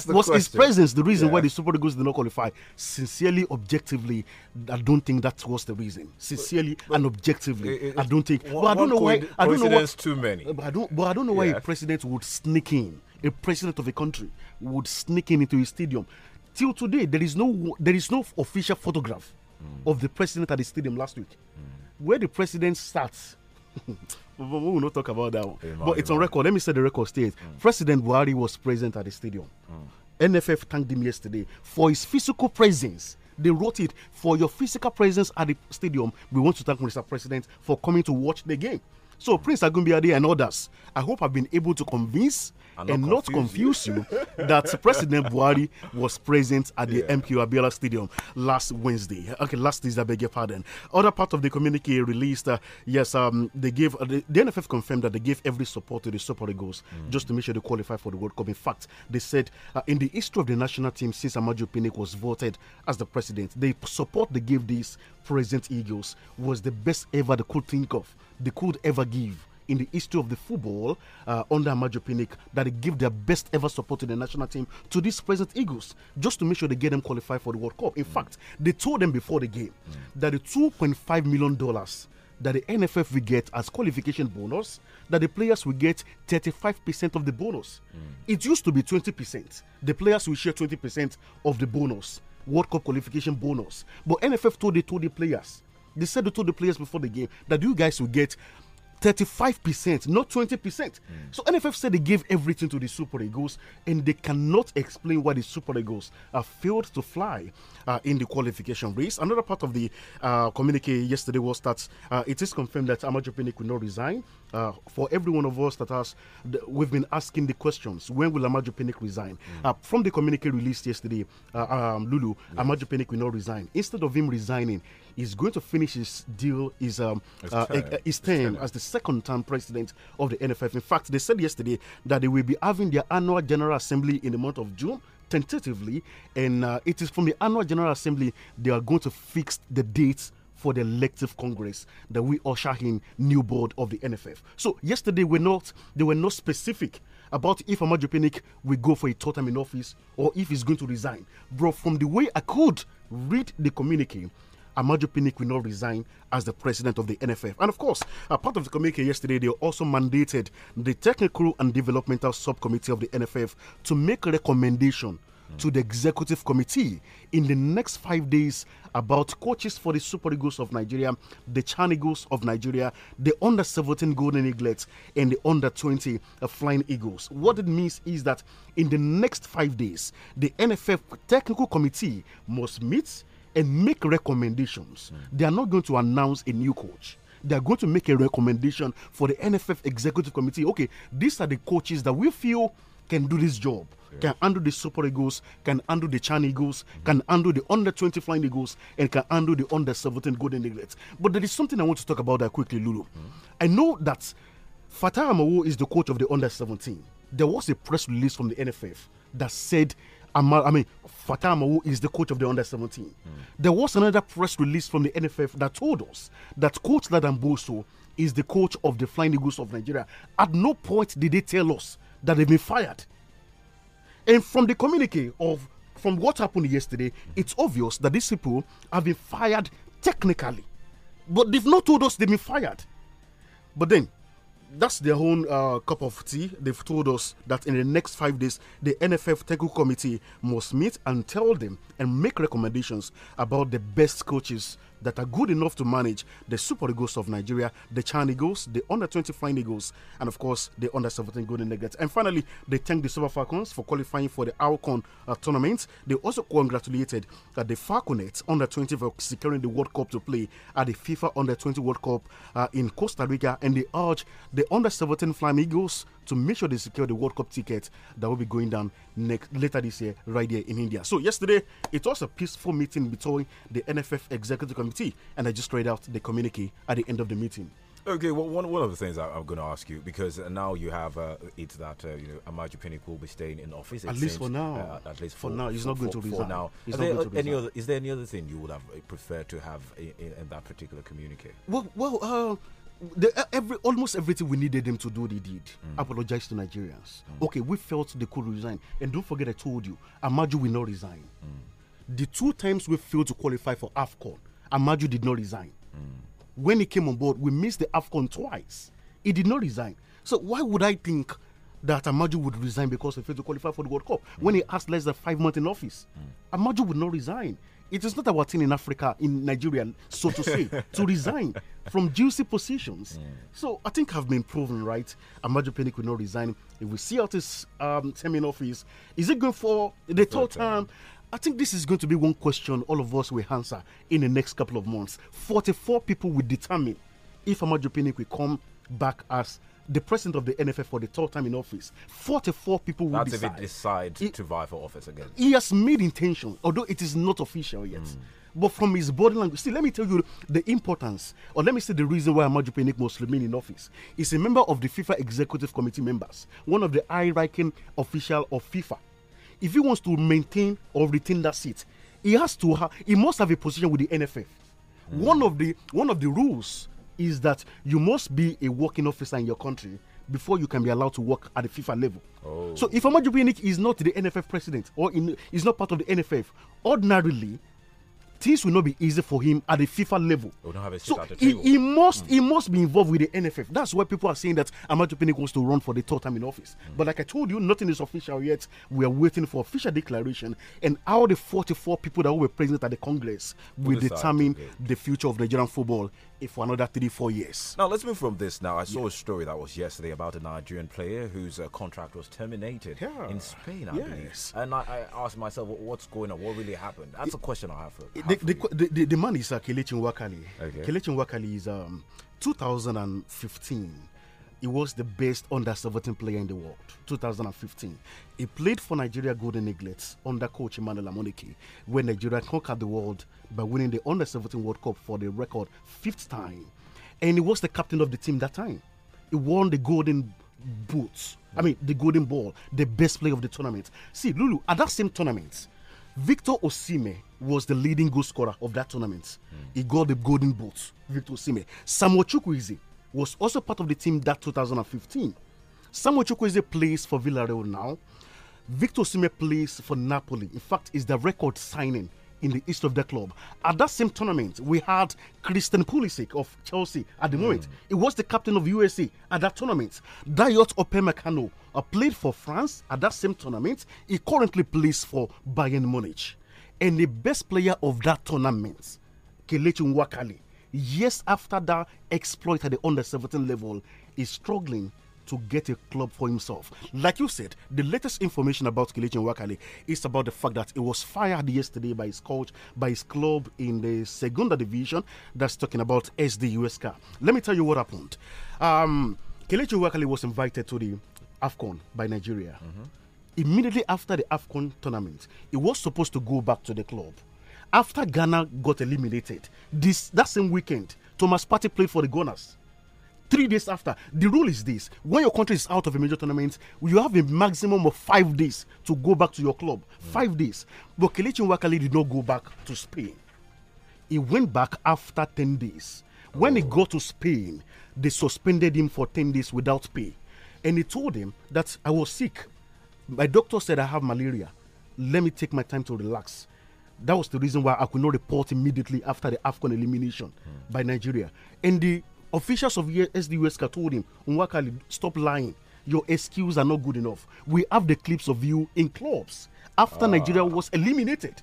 was his presence the reason yeah. why the Super Eagles did not qualify? Sincerely, objectively, I don't think that was the reason. Sincerely but, but and objectively, it, it, I don't think. One, but I don't know why. I don't know why. Too many. But I don't. But I don't know why a president would sneak in a president of a country would sneak in into his stadium till today there is no there is no official photograph mm. of the president at the stadium last week mm. where the president sat we will not talk about that one but it's on record let me set the record straight mm. president buhari was present at the stadium hmm. nff thanked him yesterday for his physical presence they wrote it for your physical presence at the stadium we want to thank mr president for coming to watch the game so, Prince Agumbiade and others, I hope I've been able to convince and confuse not confuse you, you that President Buhari was present at the yeah. MQ Abiola Stadium last Wednesday. Okay, last Tuesday, I beg your pardon. Other part of the communique released, uh, yes, um, they gave uh, the, the, NFF confirmed that they gave every support to the Super Eagles mm. just to make sure they qualify for the World Cup. In fact, they said uh, in the history of the national team since Amaju Pinnick was voted as the president, the support they gave these present Eagles was the best ever they could think of they could ever give in the history of the football uh, under Majo Pinnick that they give their best ever support to the national team to these present Eagles just to make sure they get them qualified for the World Cup. In mm. fact, they told them before the game mm. that the $2.5 million that the NFF will get as qualification bonus, that the players will get 35% of the bonus. Mm. It used to be 20%. The players will share 20% of the bonus. World Cup qualification bonus. But NFF told the told the players they said to the players before the game that you guys will get 35%, not 20%. Mm. So NFF said they gave everything to the Super Eagles and they cannot explain why the Super Eagles uh, failed to fly uh, in the qualification race. Another part of the uh, communique yesterday was that uh, it is confirmed that Amaju Pinnick will not resign. Uh, for every one of us that has, we've been asking the questions, when will Amaju Pinnick resign? Mm. from the communique released yesterday, uh, um, Lulu, yes. Amadio Pinnick will not resign. Instead of him resigning, is going to finish his deal, his, um, uh, his uh, term as the second time president of the NFF. In fact, they said yesterday that they will be having their annual General Assembly in the month of June tentatively, and uh, it is from the annual General Assembly they are going to fix the dates for the elective congress that we usher in new board of the NFF. So yesterday we're not they were not specific about if Amajopinik will go for a total term in office or if he's going to resign. Bro, from the way I could read the communique, Amaju Pinnick will not resign as the president of the NFF. And of course, a uh, part of the communique yesterday, they also mandated the technical and developmental subcommittee of the NFF to make a recommendation to the executive committee in the next five days about coaches for the Super Eagles of Nigeria, the Chan Eagles of Nigeria, the under 17 Golden Eaglets, and the under 20 uh, Flying Eagles. What it means is that in the next five days, the NFF technical committee must meet and make recommendations. Mm. They are not going to announce a new coach. They are going to make a recommendation for the NFF executive committee. Okay, these are the coaches that we feel can do this job. Yes. Can handle the Super Eagles, can handle the Chan Eagles, mm -hmm. can handle the under 20 Flying Eagles, and can handle the under 17 Golden Eagles. But there is something I want to talk about that quickly, Lulu. Mm -hmm. I know that Fatah Amawo is the coach of the under 17. There was a press release from the NFF that said, I mean, Fatamawu is the coach of the under 17. Mm. There was another press release from the NFF that told us that Coach Ladamboso is the coach of the Flying Eagles of Nigeria. At no point did they tell us that they've been fired. And from the communique of from what happened yesterday, it's obvious that these people have been fired technically. But they've not told us they've been fired. But then that's their own uh, cup of tea. They've told us that in the next five days, the NFF Technical Committee must meet and tell them and make recommendations about the best coaches that are good enough to manage the Super Eagles of Nigeria, the Chan Eagles, the under 25 Eagles, and of course the under 17 Golden Nuggets. And finally, they thanked the Super Falcons for qualifying for the Alcon uh, tournament. They also congratulated uh, the Falconets under 20 for securing the World Cup to play at the FIFA under 20 World Cup uh, in Costa Rica, and they urged the under 17 Eagles to make sure they secure the World Cup ticket that will be going down next later this year, right here in India. So yesterday, it was a peaceful meeting between the NFF Executive Committee, and I just read out the communique at the end of the meeting. Okay, well, one, one of the things I, am going to ask you because now you have uh, that uh, you know Amaju Pinnick will be staying in office at least seems, for now. Uh, at least for, for now, he's for, not going for, to resign. For now, he's is there any other? Is there any other thing you would have preferred to have in, in that particular communique? Well, well, uh, the, every almost everything we needed them to do, they did. Mm. Apologize to Nigerians. Mm. Okay, we felt they could resign, and don't forget I told you, Amaju will not resign. Mm. The two times we failed to qualify for Afcon, Amaju did not resign. Mm. When he came on board, we missed the Afcon twice. He did not resign. So why would I think that Amaju would resign because he failed to qualify for the World Cup mm. when he asked less than five months in office? Mm. Amaju would not resign. It is not our thing in Africa, in Nigeria, so to say, to resign from juicy positions. Mm. So I think I've been proven right. Amaju Pinnick will not resign. If we see out his um, term in office, is it going for the third term? I think this is going to be one question all of us will answer in the next couple of months. 44 people will determine if Amaju Pinnick will come back as the president of the NFF for the third time in office, 44 people will That's decide. if he decides to vie for office again. He has made intention, although it is not official yet. Mm. But from his body language, see, let me tell you the importance, or let me say the reason why Amaju Penik must remain in office. He's a member of the FIFA Executive Committee members, one of the high ranking official of FIFA. If he wants to maintain or retain that seat, he has to have, he must have a position with the NFF. Mm. One of the one of the rules is that you must be a working officer in your country before you can be allowed to work at the FIFA level. Oh. So if Amaju Bionic is not the NFF president or in, is not part of the NFF, ordinarily things will not be easy for him at the FIFA level. so he, he, must mm. he hmm. must be involved with the NFF. That's why people are saying that Amaju Pinnick wants to run for the third time in office. Mm. But like I told you, nothing is official yet. We are waiting for official declaration, and how the 44 people that were present at the Congress will determine the future of Nigerian football if for another three, four years. Now, let's move from this now. I saw yeah. a story that was yesterday about a Nigerian player whose uh, contract was terminated yeah. in Spain, I yes. believe. And I, I, asked myself, well, what's going on? What really happened? That's it, a question I have for, have the, for the, you. The, the, man is uh, Kelechi Wakali. Okay. Kelechi Wakali is um, 2015 he was the best under 17 player in the world, 2015. He played for Nigeria Golden Eaglets under coach Emmanuel Amonike when Nigeria conquered the world by winning the under 17 World Cup for the record fifth time. And he was the captain of the team that time. He won the Golden Boots, I mean, the Golden Ball, the best player of the tournament. See, Lulu, at that same tournament, Victor Osime was the leading goal scorer of that tournament. Mm. He got the golden boots, Victor Osime. Samuel chukwuezi was also part of the team that 2015. Samuel a place for Villarreal now. Victor Sime plays for Napoli. In fact, is the record signing in the east of the club. At that same tournament, we had Christian Pulisic of Chelsea at the mm. moment. He was the captain of USA at that tournament. Dayot Opemekano uh, played for France at that same tournament. He currently plays for Bayern Munich. And the best player of that tournament, Kelechi Nwakali, years after that exploit at the under 17 level, is struggling to get a club for himself. Like you said, the latest information about Kelechi Wakali is about the fact that he was fired yesterday by his coach, by his club in the Segunda Division. That's talking about SDUSK. Let me tell you what happened. Um, Kelechi Wakali was invited to the AFCON by Nigeria. Mm -hmm. Immediately after the AFCON tournament, he was supposed to go back to the club after Ghana got eliminated, this that same weekend, Thomas Partey played for the Gunners. Three days after, the rule is this: when your country is out of a major tournament, you have a maximum of five days to go back to your club. Mm. Five days. But Kelechi Wakali did not go back to Spain. He went back after ten days. When he oh. got to Spain, they suspended him for ten days without pay, and he told him that I was sick. My doctor said I have malaria. Let me take my time to relax that was the reason why I could not report immediately after the AFCON elimination mm. by Nigeria. And the officials of SDUSK told him, Unwakali, stop lying. Your excuses are not good enough. We have the clips of you in clubs after ah. Nigeria was eliminated.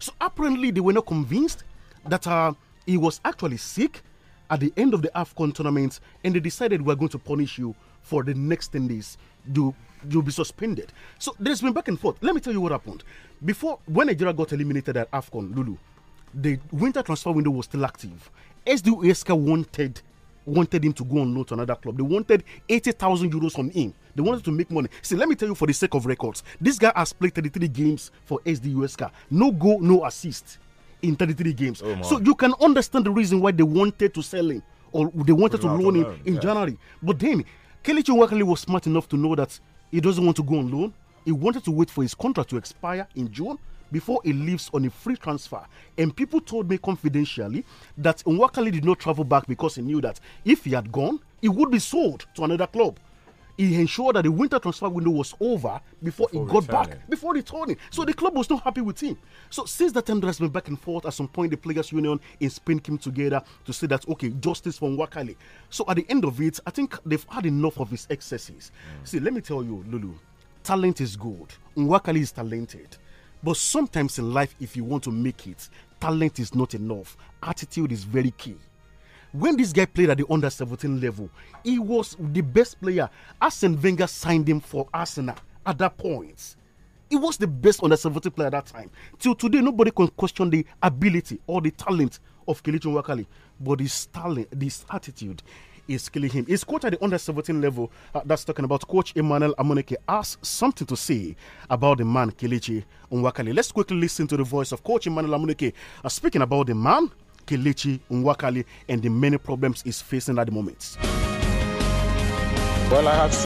So apparently they were not convinced that uh, he was actually sick at the end of the AFCON tournament and they decided we are going to punish you for the next 10 days. Do." you'll be suspended. So there's been back and forth. Let me tell you what happened. Before, when Nigeria got eliminated at AFCON, Lulu, the winter transfer window was still active. SDU Eska wanted wanted him to go on loan to another club. They wanted 80,000 euros from him. They wanted to make money. See, let me tell you for the sake of records, this guy has played 33 games for SDU Eska. No goal, no assist in 33 games. Oh so you can understand the reason why they wanted to sell him or they wanted to loan him in yeah. January. But then, Kelly Wakali was smart enough to know that he doesn't want to go on loan. He wanted to wait for his contract to expire in June before he leaves on a free transfer. And people told me confidentially that Nwakali did not travel back because he knew that if he had gone, he would be sold to another club he ensured that the winter transfer window was over before, before he got returning. back, before returning. So the club was not happy with him. So since that time, there has been back and forth. At some point, the Players Union in Spain came together to say that, okay, justice from Wakali. So at the end of it, I think they've had enough of his excesses. Mm. See, let me tell you, Lulu, talent is good. Wakali is talented. But sometimes in life, if you want to make it, talent is not enough. Attitude is very key when this guy played at the under 17 level, he was the best player. Arsene Wenger signed him for Arsenal at that point. He was the best under 17 player at that time. Till today, nobody can question the ability or the talent of Kelechi Wakali, but his talent, this attitude is killing him. His coach at the under 17 level, uh, that's talking about coach Emmanuel Amoneke, has something to say about the man Kelechi Unwakali. Let's quickly listen to the voice of coach Emmanuel Amoneke uh, speaking about the man Kelechi Nwakali and the many problems he's facing at the moment. Well, I have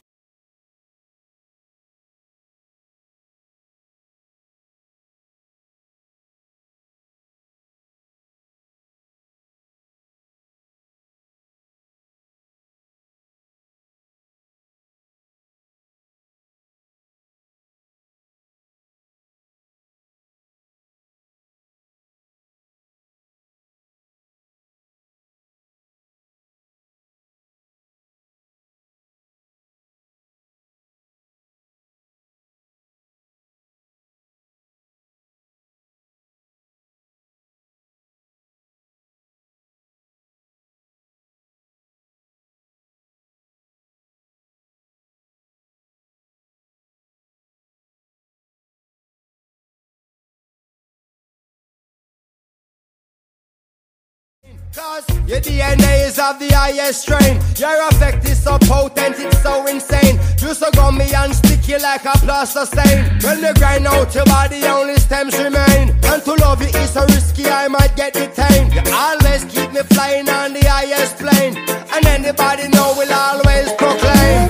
Cause your DNA is of the highest strain. Your effect is so potent, it's so insane. You so gummy and sticky like a plaster stain. When you grind out your body, only stems remain. And to love you is so risky, I might get detained. You always keep me flying on the highest plane. And anybody know will always proclaim.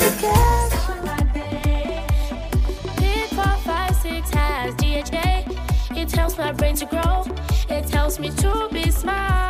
It helps my brain to grow. It helps me to be smart.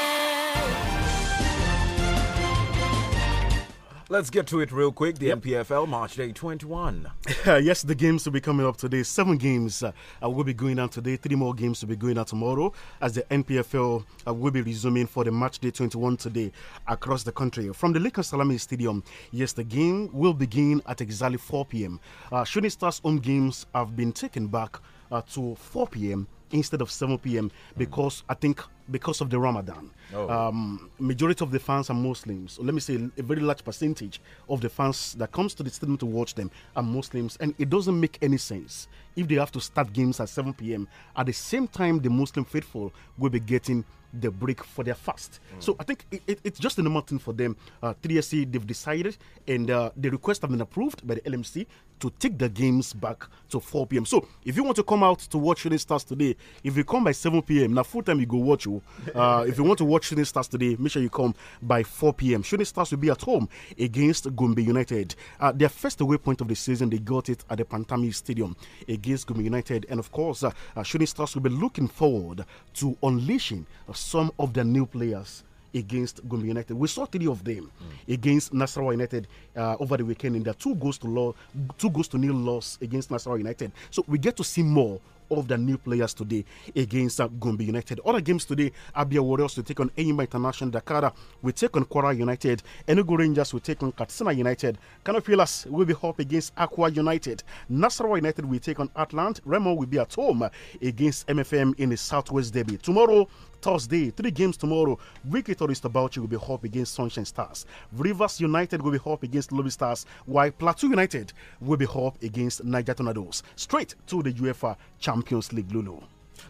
Let's get to it real quick. The yep. MPFL March Day 21. yes, the games to be coming up today. Seven games uh, will be going on today. Three more games to be going on tomorrow as the MPFL uh, will be resuming for the March Day 21 today across the country. From the Lakers Salami Stadium, yes, the game will begin at exactly 4 p.m. Uh, Shooting Stars home games have been taken back uh, to 4 p.m. instead of 7 p.m. because I think because of the Ramadan. Oh. Um, majority of the fans are Muslims. Let me say a very large percentage of the fans that comes to the stadium to watch them are Muslims, and it doesn't make any sense if they have to start games at 7 p.m. At the same time, the Muslim faithful will be getting the break for their fast. Mm. So I think it, it, it's just a normal thing for them. Uh, 3SC, they've decided, and uh, the request have been approved by the LMC to take the games back to 4 p.m. So if you want to come out to watch Shooting Stars today, if you come by 7 p.m., now full time you go watch you. Oh. Uh, if you want to watch Shooting Stars today, make sure you come by 4 p.m. Shooting Stars will be at home against Gombe United. Uh, their first away point of the season, they got it at the Pantami Stadium against Gombe United. And of course, uh, uh, Shooting Stars will be looking forward to unleashing some of the new players against Gombe United. We saw three of them mm. against Nasarawa United uh, over the weekend in the two goals to law, two goals to nil loss against Nasarawa United. So we get to see more of the new players today against uh, Gombe United. Other games today, Abia Warriors will take on Aimba International Dakar, we take on Quora United, Enugu Rangers will take on Katsina United, Canopilas will be up against Aqua United, Nasarawa United will take on Atlant, Remo will be at home against MFM in the Southwest Derby. Tomorrow, Thursday. Three games tomorrow. Wiki Torista Bauchi will be up against Sunshine Stars. Rivers United will be up against Lobby Stars, while Plateau United will be up against Niger Tornadoes. Straight to the UEFA Champions League, Lulu.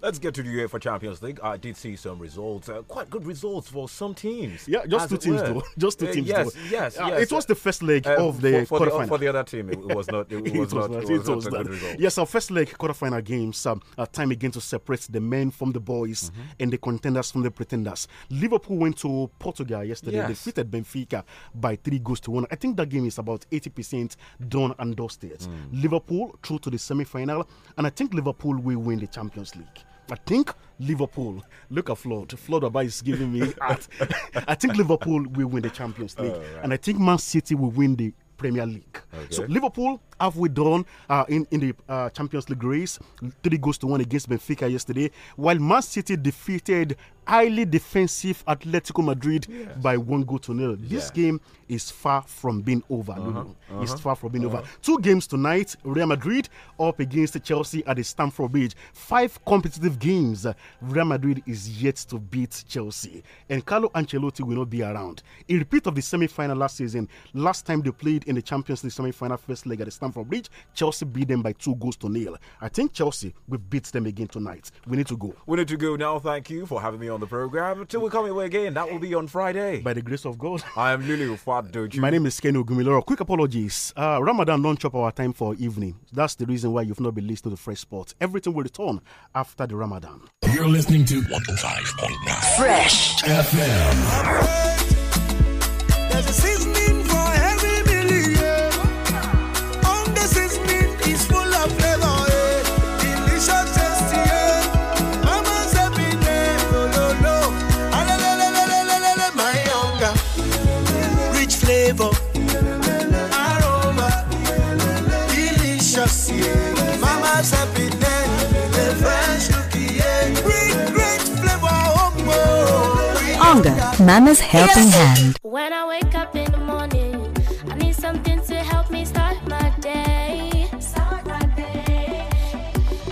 Let's get to the UEFA Champions League. I did see some results, uh, quite good results for some teams. Yeah, just two teams though. Just two uh, teams. Yes, though. yes, uh, It was the first leg uh, of the for, for quarterfinal. The, for the other team, it, was not. It, was, not. It was, not was not. Yes, our first leg quarterfinal games. Um, time again to separate the men from the boys mm -hmm. and the contenders from the pretenders. Liverpool went to Portugal yesterday. Yes. They defeated Benfica by three goals to one. I think that game is about eighty percent done and dusted. Mm. Liverpool through to the semi-final, and I think Liverpool will win the Champions League. I think Liverpool. Look at Flood. Flood Abba is giving me I think Liverpool will win the Champions League. Right. And I think Man City will win the Premier League. Okay. So Liverpool have done uh, in in the uh, Champions League race, three goals to one against Benfica yesterday, while Man City defeated highly defensive Atletico Madrid yes. by one goal to nil. This yeah. game is far from being over. Uh -huh. -huh. It's uh-huh. far from being -huh. over. Uh-huh. Two games tonight Real Madrid up against Chelsea at the Stamford Bridge. Five competitive games. Uh, Real Madrid is yet to beat Chelsea. And Carlo Ancelotti will not be around. A repeat of the semi final last season. Last time they played in the Champions League semi final first leg at the Stamford Bridge, Chelsea beat them by two goals to nil. I think Chelsea will beat them again tonight. We need to go. We need to go now. Thank you for having me on the program. Till we come away again, that will be on Friday. By the grace of God. I am Lulu Fadoju. My name is Ken Gumiloro. Quick apologies. Uh, Ramadan don't chop our time for evening. That's the reason why you've not been listening to the Fresh Sports. Everything will return after the Ramadan. You're listening to 105.9 Fresh FM. flavor. Aroma, delicious. Mama's happiness, the cookie, great flavor Onga, oh, oh. Mama's helping yes. hand. When I wake up in the morning, I need something to help me start my day. Start my day.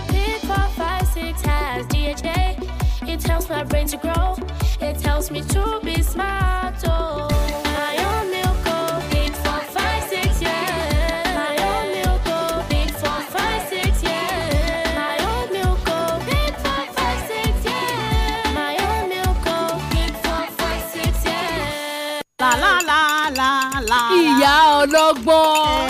Pick four, five, six has DHA. It helps my brain to grow. It tells me to be smart. Oh. ìyá ọlọ́gbọ́n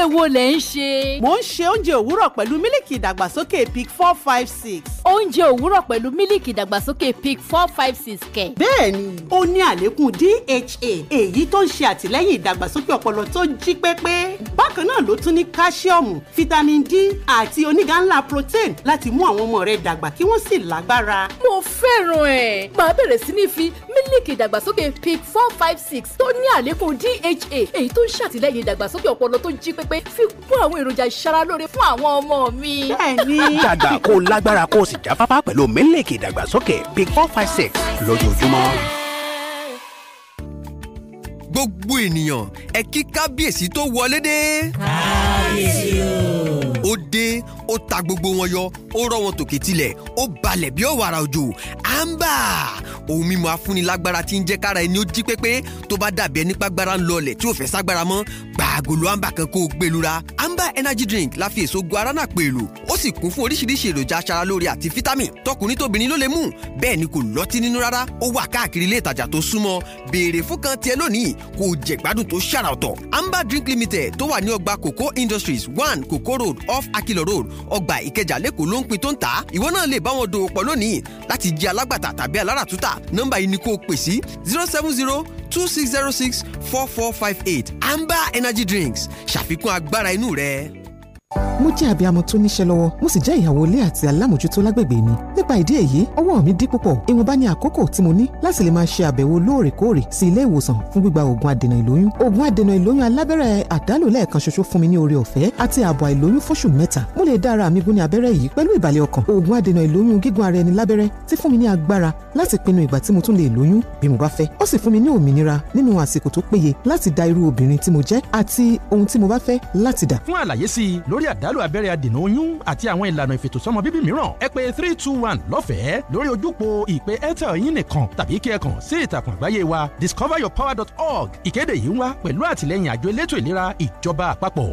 èwo lẹ̀ ń ṣe. mo ń ṣe oúnjẹ òwúrọ̀ pẹ̀lú mílìkì ìdàgbàsókè pic four five six oúnjẹ òwúrọ̀ pẹ̀lú mílìkì ìdàgbàsókè pick four five six kẹ̀. bẹ́ẹ̀ni ó ní àlékún DHA èyí tó ń ṣe àtìlẹ́yìn ìdàgbàsókè ọpọlọ tó jí pépé bákan náà ló tún ní káṣíọ̀mù fítámìn D àti onígà ńlá protein láti mú àwọn ọmọ rẹ dàgbà kí wọ́n sì lágbára. mo fẹ́ràn ẹ̀ máa bẹ̀rẹ̀ sí ní fi mílìkì ìdàgbàsókè pick four five six tó ní àlékún DHA èyí tó ń ṣàtìlẹ́yìn ìdàgbàsókè ọpọlọ tó jí pépé fi kún àwọn èròjà ìṣaralóore fún àwọn ọmọ mi. bẹ́ẹ̀ni dàgbà kó lágbára kó sì sì jáfáfá pẹ̀lú mílíkì ìdàgbàsókè Big four five six lójoojúmọ́. gbogbo ènìyàn ẹ kí kábíyèsí tó wọlé dé. kábíyèsí o. ó dé ó ta gbogbo wọn yọ ó rọ wọn tòkè tilẹ̀ ó balẹ̀ bí ọ̀wàrà òjò àǹbà ohun mímu afúnilágbára tí ń jẹ́ kára ẹni ó jí pépé tó bá dàbí ẹni pàgbára ń lọlẹ̀ tí ò fẹ́ ságbára mọ́ gbàgòlò àǹbà kan kó o gbẹlura àǹbà energy drink la fi èso guarana pèlò ó sì kún fún oríṣiríṣi èròjà aṣaralóore àti fítámì tọkùnrin tóbìnrin ló lè mú bẹ́ẹ̀ ni kò lọ́tí nínú rárá ó wà káàkiri ilé ìtajà tó súnmọ́ béèrè fún kan tiẹ̀ lónìí kó o gbádùn tó ṣàrà ọ̀tọ̀ àǹbà drink limited tó wà ní ọgbà coco industries one coco road off akilo road ọgbà ìkẹjà lẹ́kọ̀ọ́ ló ń pin tó ń tà á ìwọ náà lè bá wọn dòwò pọ̀ lónìí láti jẹ́ alágbàtà tàbí aláràtúntà nọ́mbà yìí ni kò pè sí zero seven zero two six zero six four four five eight Amber energy drinks ṣàfikún agbára inú rẹ mo jẹ́ abiyamọ tó níṣẹ́ lọ́wọ́ mo sì jẹ́ ìyàwó ilé àti alámòjútó lágbègbè mi nípa ìdí èyí ọwọ́ mi dí púpọ̀ ìwọ̀nba ní àkókò tí mo ní láti lè máa ṣe àbẹ̀wò lóòrèkóòrè sí ilé ìwòsàn fún gbígba oògùn adènà ìlóyún oògùn adènà ìlóyún alábẹ́rẹ́ àdálò lẹ́ẹ̀kan ṣoṣo fún mi ní oore ọ̀fẹ́ àti ààbò àìlóyún fóṣù mẹ́ta mo lè dá ara mi gún ní abẹ́rẹ́ yìí pẹ̀lú ìbàlẹ̀ ọkàn oògùn adènà ìlóyún gígùn ara ẹni lábẹ́rẹ́ ti fún mi ní agbára láti pinnu ìgbà tí mo tún lè lóyún bí mo bá fẹ́ ó sì fún mi ní òmìnira nínú àsìkò tó péye láti dá irú obìnrin tí mo jẹ́ àti ohun tí mo bá fẹ́ láti dà. fún àlàyé sí i ló lórí àdálù abẹ́rẹ́ adènà oyún àti àwọn ìlànà ìfètòsọ́mọ bíbí mìíràn ẹ pè three two one lọ́fẹ̀ẹ́ lórí ojúpo ìpè airtel yín nìkan tàbí kí ẹ kàn sí ìtàkùn àgbáyé wa discoveryourpower.org ìkéde yìí ń wá pẹ̀lú àtìlẹ́yìn àjọ elétò ìlera ìjọba àpapọ̀.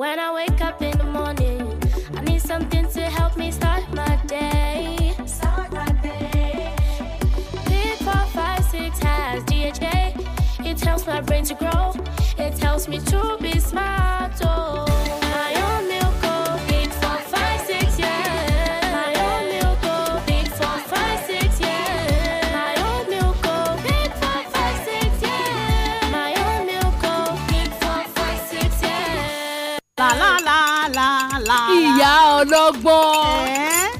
When I wake up in the morning, I need something to help me start my day. Start my day. Pick four, five, six has DHA. It helps my brain to grow. It helps me to be smart. Oh. ọlọ́gbọ́n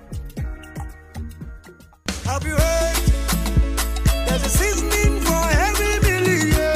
Have you heard? There's a seasoning for every believer.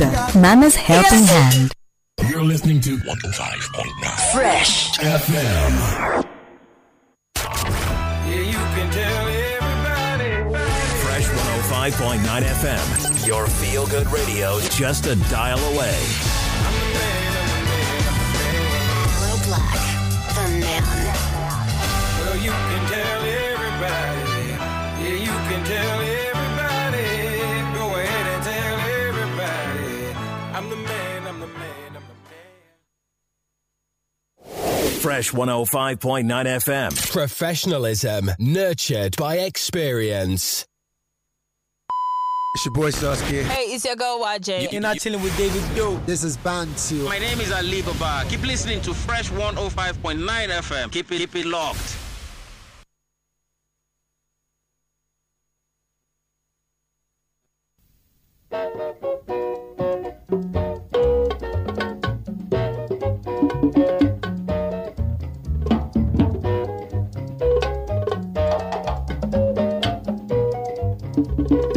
Yoga, Mama's Helping yes. Hand. You're listening to 105.9 Fresh FM. Yeah, you can tell everybody. Fresh 105.9 FM, your feel good radio, just a dial away. Fresh 105.9 FM. Professionalism nurtured by experience. It's your boy Sasuke. Hey, it's your girl YJ. You, You're not chilling with David Doe. This is Bantu. My name is Ali Baba. Keep listening to Fresh 105.9 FM. Keep it, keep it locked. Thank you.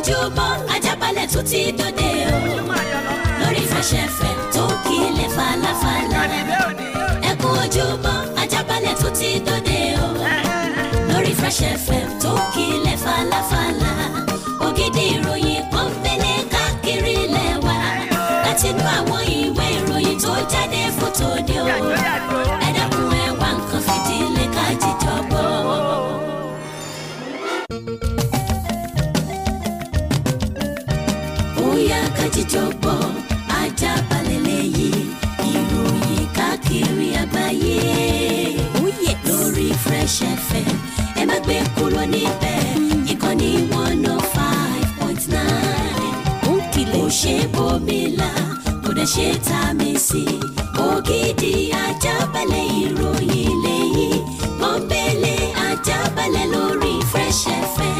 ojúbọ ajábalẹ̀ tó ti dòde o lórí fẹsẹ̀fẹ̀ tó kílẹ̀ falafala ẹ kú ojúbọ ajábalẹ̀ tó ti dòde o lórí fẹsẹ̀fẹ̀ tó kílẹ̀ falafala ògidì ìròyìn kan fẹlẹ̀ káàkiri ilẹ̀ wa látinú àwọn ìwé ìròyìn tó jáde fótó de o. jíjọpọ̀ Ajaabale lẹ́yìn ìròyìn káàkiri àgbáyé. Ó oh yẹ lórí Fresh FM ẹ má gbé kúrò níbẹ̀ ìkànnì one oh five point nine. Ó kìlẹ̀ ó ṣe bòmílà kò dẹ̀ ṣe tá a mi sí. Ògidì Ajaabale ìròyìn lẹ́yìn pọ́npẹ́lẹ́ Ajaabale lórí Fresh FM.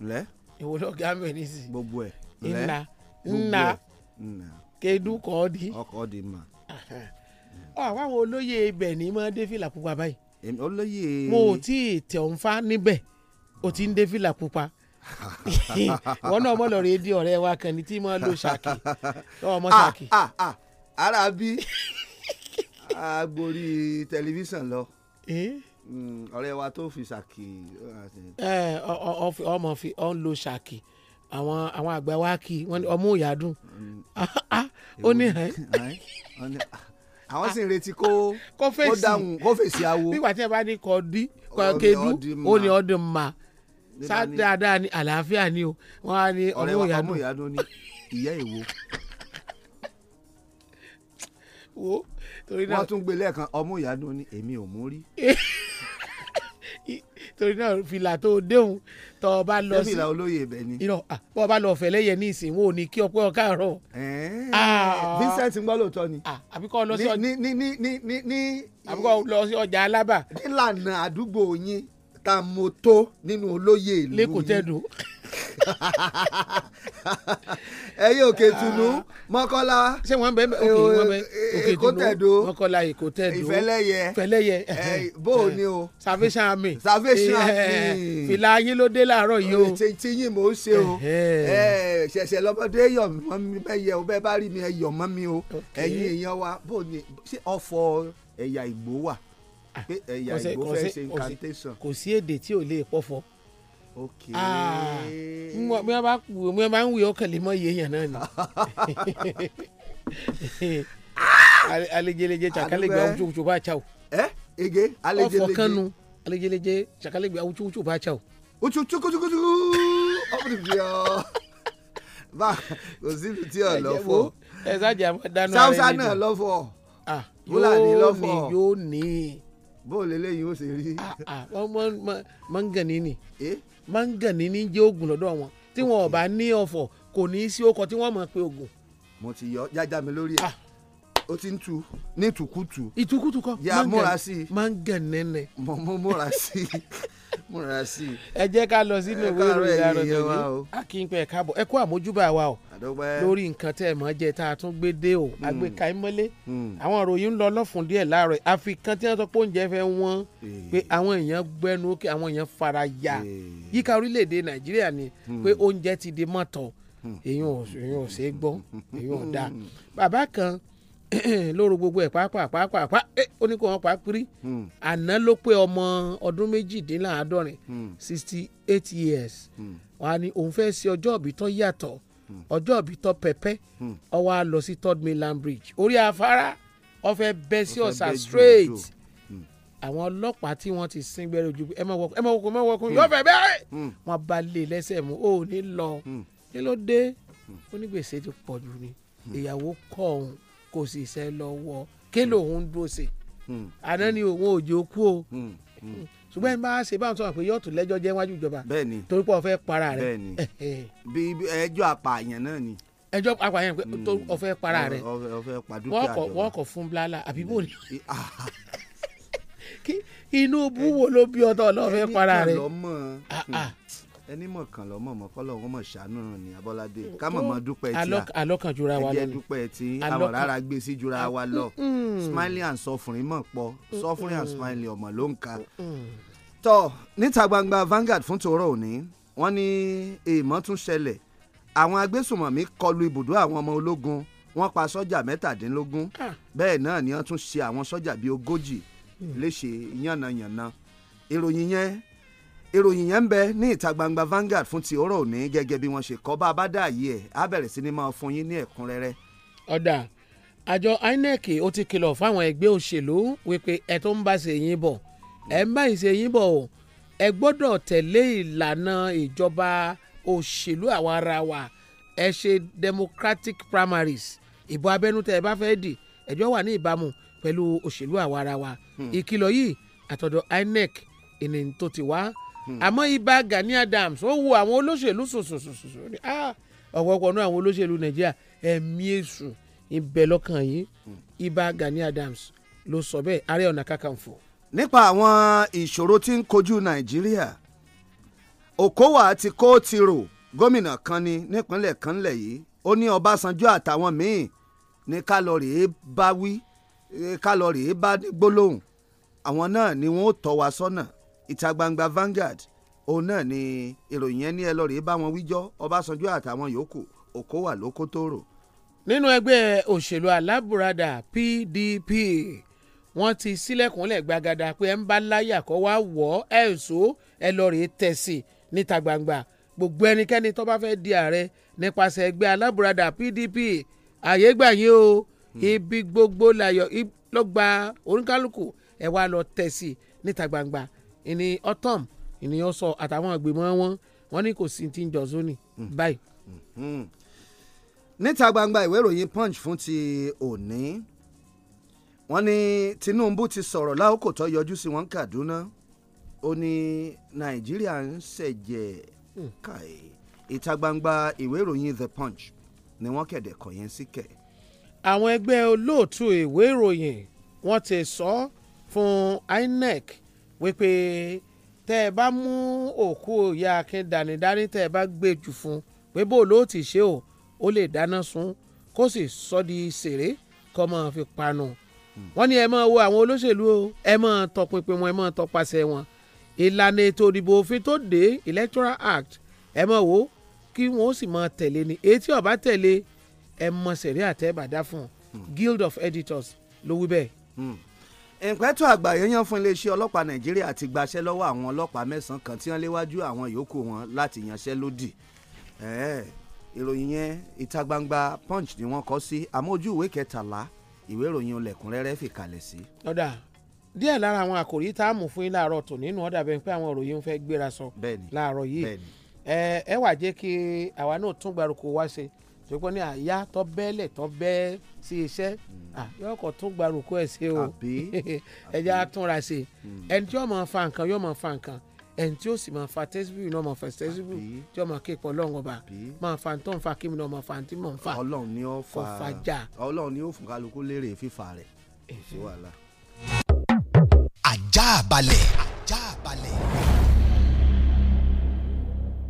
lẹ. ìwọ lọ gá mẹ nísì. gbogbo ẹ lẹ nna nna kedu kọ ọ di. ọkọ di ma. ọ àwọn olóyè ibẹ̀ ní mọ́ dé fìlà pupa báyìí. olóyè. mo ò tí ì tẹ̀ ń fa níbẹ̀ o ti ń dé fìlà pupa wọn náà mọ lọ rédíò ọ̀rẹ́ wa kan ní tí mo lo ṣàkì lọ́wọ́ mọ ah, ṣàkì. ara ah, ah. bí agbórí tẹlifíṣàn lọ. Mm, ọ̀rẹ́ wa tó fi ṣàkì. ẹ ọmọ fi ọ ń lo ṣàkì àwọn àwọn àgbà wa kì í wọn ni ọmú ìyádùn mm. ah, ah, ó ní ẹ. Ah, àwọn sì ń retí kó kó dáhùn kó fèsì awo. bí wàtí ẹ bá ní kọ dí kọ kedú ó ní ọdún mà sá dáadáa ní àlàáfíà ni o wọn á ní ọmú ìyádùn. ọ̀rẹ́ wa ọmú ìyádùn ni ìyá èwo. wo wọ́n tún gbé lẹ́ẹ̀kan ọmú ìyanu ni èmi ò mú rí. torí náà fìlà tó o déhùn tọ́ ọ bá lọ sí. fìlà olóye ibẹ̀ ni. Ah, bọ́ ọ bá lọ fẹ̀lẹ́ yẹ ní ìsìn wo ni kí ọ pé ọ káàárọ̀. Ah. Vincent ń gbọ́ lóòótọ́ ni. Ah, àbíkọ́ lọ sí ọjà ní ní ní ní ní. àbíkọ́ lọ sí ọjà Alábà. nílànà àdúgbò yín ta mo tó nínú olóye ìlú yín lẹ́kọ̀ọ́ tẹ́dùn ẹ̀yin òkè tunu mọ́kọ́lá ṣé wọ́n bẹ òkè eh, tunu mọ́kọ́lá èkó tẹ̀dó ìfẹ́lẹ́yẹ ìfẹ́lẹ́yẹ eh, bó o ní o salvation army salvation eh, army fìlà yín ló dé láàárọ̀ yìí o tí yín mò ń ṣe o ṣẹ̀ṣẹ̀ lọ́mọdé yọ̀ mọ́ mi bẹ́ẹ̀ yẹ o bẹ́ẹ̀ bá rí mi ẹ yọ̀ mọ́ mi o ẹ̀yin èèyàn wa bó o ní ṣé ọ̀fọ̀ ẹ̀yà Ìgbò wà ah, pé ẹ̀yà Ìgbò fẹ́ ṣe incantation kò sí èdè tí ò lè pọ̀fọ̀ Ah, bí wọ́n bá bí wọ́n bá ń wí ọkàn lè mọ iye yẹn náà ni alejeleje cakalegbẹ awutuwutu b'a ca o. ẹ ege alejeleje ọfọ kanu alejeleje cakalegbẹ awutuwutu b'a ca o. ututu kutukutu ọmọdé fi ọ bá kò síbi tí ọ lọ fọ ẹ sáàjì àmọ́ dáná ara ẹni sáwùsá náà lọ fọ fúlàní lọ fọ yóò ní yóò ní ó ṣe rí. mọ̀ngànì ni. Eh? mángàní ní jẹ́ oògùn lọ́dọ̀ wọn tí wọn ò bá ní ọ̀fọ̀ kò ní í sí ọkọ̀ tí wọ́n mọ̀ pé oògùn. mo ti yọ jájá mi lórí ẹ o ah. ti ń tu ní ìtukùtù. ìtukùtù kọ mángàní mángàní nẹ́nẹ́. mo múra sí i. múra sí i. ẹ jẹ́ ká lọ sínú ìwé ìròyìn àrùn tòní akínpẹ̀ káàbọ̀ ẹ kú àmójúbà wa o lórí nǹkan tẹ́ ẹ mọ̀ jẹ́ tá a tún gbé dé o àgbéka mm. ìmọ̀lé mm. àwọn ìròyìn ń lọ lọ́fun díẹ̀ láàárọ̀ àfi kan tí wọ́n sọ pé oúnjẹ fẹ́ wọ́n pé àwọn èèyàn gbẹnu ókè àwọn èèyàn fara ya yíká orílẹ̀-èdè nàìjíríà ni mm. pé oúnjẹ ti di mọ́tọ̀ èèyàn ò ṣeé gbọ́ èèyàn ò dáa bàbá kan lóru gbogbo ẹ̀ pàápàá pàápàá pa ó ní kó wọn pa pírí hmm. àná ló pé ọmọ ọdún méjìdínláàádọ́rin hmm. sixty eight years hmm. wọn á ní òun fẹ́ ṣe ọjọ́ ìbí tó yàtọ̀ ọjọ́ ìbí tó pẹ́pẹ́ ó wá lọ sí third mainland bridge orí afárá ó fẹ́ bẹ́ sí ọ̀sà straight àwọn ọlọ́pàá tí wọ́n ti sin gbẹ́rẹ́ ojú ẹ máa wọkùn ẹ máa wọkùn ẹ máa wọkùn yóò fẹ́ bẹ́ẹ̀ wọ́n bá lè e lẹ́sẹ̀ mú ó ní lọ kí ló dé onígbèsè ti pọ̀ jù ni ìyàwó kọ̀ ọ̀hún kò sì ṣe lọ́wọ́ kí lòun dúró sí àná ni òun ò jẹ́ okú o ṣùgbọ́n ẹni bá ṣe báwọn sọ̀rọ̀ pé yóò tún lẹ́jọ́ jẹ́ wájú ìjọba bẹ́ẹ̀ni torí pé ó para rẹ̀ bẹ́ẹ̀ni bí ẹjọ́ apààyàn náà ni ẹjọ́ apààyàn pé hmm. ó para rẹ̀ wọ́n kọ̀ fún blala àbí bò ní ah. inú búwo ló bí ọtọ ọlọ́ọ̀fẹ́ para rẹ̀ ẹni mọ̀kàn lọ́mọ̀ mọ̀kọ́ lọ́wọ́ mọ̀ ṣàánú ni abọ́ládé mm. kámọ̀ mọ̀ dúpẹ́ tí a alọ́kàn jura wa lọ ẹ̀jẹ̀ dúpẹ́ tí àwọn rárá gbé sí jura wa lọ mm, mm. smiling and suffering mọ̀ pọ̀ suffering and smiling ọmọ ló ń ka. tọ́ níta gbangba Vanguard fún tòró òní wọ́n ní èèmọ̀ tún ṣẹlẹ̀ àwọn agbésùnmọ̀mí kọlu ibùdó àwọn ọmọ ológun wọ́n pa sọ́jà mẹ́tàdínlógún ah. bẹ́ẹ̀ náà ni wọ́n tún ṣe àwọn sọ́jà bíi ogójì léṣe yánnayànna ìròyìn yẹn ìròyìn yẹn ń bẹ ní ìta gbangba Vanguard fún ti òórọ̀ òní gẹ́gẹ́ bí wọ́n ṣe kọ́ bá a bá dà yí ẹ̀ á bẹ̀rẹ̀ sí ni máa fún yín ní ẹ̀kúnrẹ́rẹ́. ọ̀dà àjọ INEC ó ti kìlọ̀ fáwọn ẹgbẹ́ òṣèlú wípé ẹ tó ń bá ṣe yín bọ̀ ẹ ń bá ìṣe yín bọ̀ o ẹ gbọ́dọ̀ tẹ̀lé ìlànà ìjọba òṣèlú àwa ara wa ẹ ṣe democratic primaries ìbò abẹ́nú tẹ́ ẹ bá fẹ́ dì ẹjọ́ wà ní ìbámu pẹ̀lú òṣèlú àwa ara wa hmm. ìkìlọ̀ yìí àtọ̀dọ̀ INEC ìnìyàn tó ti wá Hmm. àmọ́ ibà Gani Adams ó wo àwọn olóṣèlú sòsòsòsò ní ah, ọ̀pọ̀pọ̀ náà àwọn olóṣèlú Nàìjíríà ẹ̀mí èṣù ìbẹ̀ lọ́kàn yìí hmm. ibà Gani Adams ló sọ bẹ́ẹ̀ Ààrẹ Ọ̀nà Kakanfò. nípa àwọn ìṣòro tí ń kojú Nàìjíríà Okowa ti kó tiro gómìnà kan ni nípínlẹ̀ kan lẹ̀ yìí ó ní Ọbásanjọ́ àtàwọn míì ní kálọ̀rì ẹ̀ bá wí kálọ̀rì ẹ̀ bá gbólóhùn àwọn náà ni wọ́n ó tọ́ wa sọ́nà ìta gbangba Vanguard òun náà ni ìròyìn yẹn ní ẹ lọ́ọ́ rèé bá wọn wíjọ́ Ọbásanjọ́ àtàwọn yòókù òkó wà lóko tó rò. nínú ẹgbẹ́ òṣèlú alábùradà PDP wọ́n ti sílẹ̀kùnlẹ̀ gbagada pé ẹ̀ ń bá láyà kó wá wọ̀ ẹ̀ ṣó ẹ̀ lọ́ọ́ rèé tẹ̀sí níta gbangba gbogbo ẹnikẹ́ni tó bá fẹ́ di ààrẹ nípasẹ̀ ẹgbẹ́ alábùradà PDP àyè gbà yín o hmm. ibi gbogbo làyọ̀ lọ́gba oníkálukú ẹ̀ wá lọ tẹ̀sí níta gbangba ìní otom ìní ọsọ àtàwọn àgbèmọ wọn wọn ní kò sí ti ń jọ zoni báyìí. Hmm. níta gbangba ìwé ìròyìn punch fún ti òní wọ́n ní Tinubu ti sọ̀rọ̀ láòkò tó yọjú sí wọn Kaduna ó ní Nàìjíríà ń ṣẹ̀jẹ̀ hmm. káì ìta gbangba ìwé ìròyìn The Punch ni wọ́n kéde kọ yẹn sí kẹ̀. àwọn ẹgbẹ́ olóòtú ìwé ìròyìn wọ́n ti sọ fún INEC wípé tẹ́ ẹ bá mú òkú ìyá akíndani dání tẹ́ ẹ bá gbé jù fún pé bó ló ti ṣe o ó lè dáná sun kó sì sọ di sèré kọ́ máa fi panu hmm. wọ́n ní ẹ máa wo àwọn olóṣèlú o ẹ máa tọpinpin wọn ẹ máa tọpasẹ̀ wọn ìlànà ètò ìdìbò òfin tó dé electoral act ẹ máa wo kí wọn ó sì máa tẹ̀lé ni èyí tí ó bá tẹ̀lé ẹ mọ sẹ̀rí àtẹ̀bàdá fún hmm. guild of editors ló wí bẹ́ẹ̀. Hmm ìpẹ́tọ̀ àgbà yẹn fún iléeṣẹ́ ọlọ́pàá nàìjíríà ti gbaṣẹ́ lọ́wọ́ àwọn ọlọ́pàá mẹ́sàn-án kan tí wọ́n léwájú àwọn yòókù wọn láti yanṣẹ́ lódì ìròyìn yẹn ìta gbangba punch ni wọ́n kọ sí àmọ́ ojú ìwé kẹtàlá ìwé ìròyìn olẹ̀kúnrẹ́rẹ́ fìkàlẹ̀ sí. ọ̀dà díẹ̀ lára àwọn àkòrí tá a mú fún yín láàárọ̀ tò nínú ọ̀dà bẹ́ẹ̀ pé àwọn ìròyìn fẹ́ gbéra sọ láàárọ̀ yìí ẹ wá jẹ́ kí àwa náà tún gbárùkù wá ṣe ṣùgbọ́n ní àyà tó bẹ́lẹ̀ tó bẹ́ sí iṣẹ́ hmm. yóò kàn tún gba rògbò ẹ̀ ṣe o ẹ̀jẹ̀ á túnra ṣe hmm. ẹni tí yóò máa fa nǹkan yóò máa fa nǹkan ẹni tí yóò sì máa fa tẹ́síbù náà máa fa tẹ́síbù tí yóò máa ké pọ̀ lọ́wọ́ bá máa fa tó ń fa kí mi náà máa fa tí mò ń fa ọlọ́run fa já ọlọ́run ni ó fún kálukú lérè fífa rẹ̀ ṣé wàhálà. ajá balẹ̀ ajá balẹ̀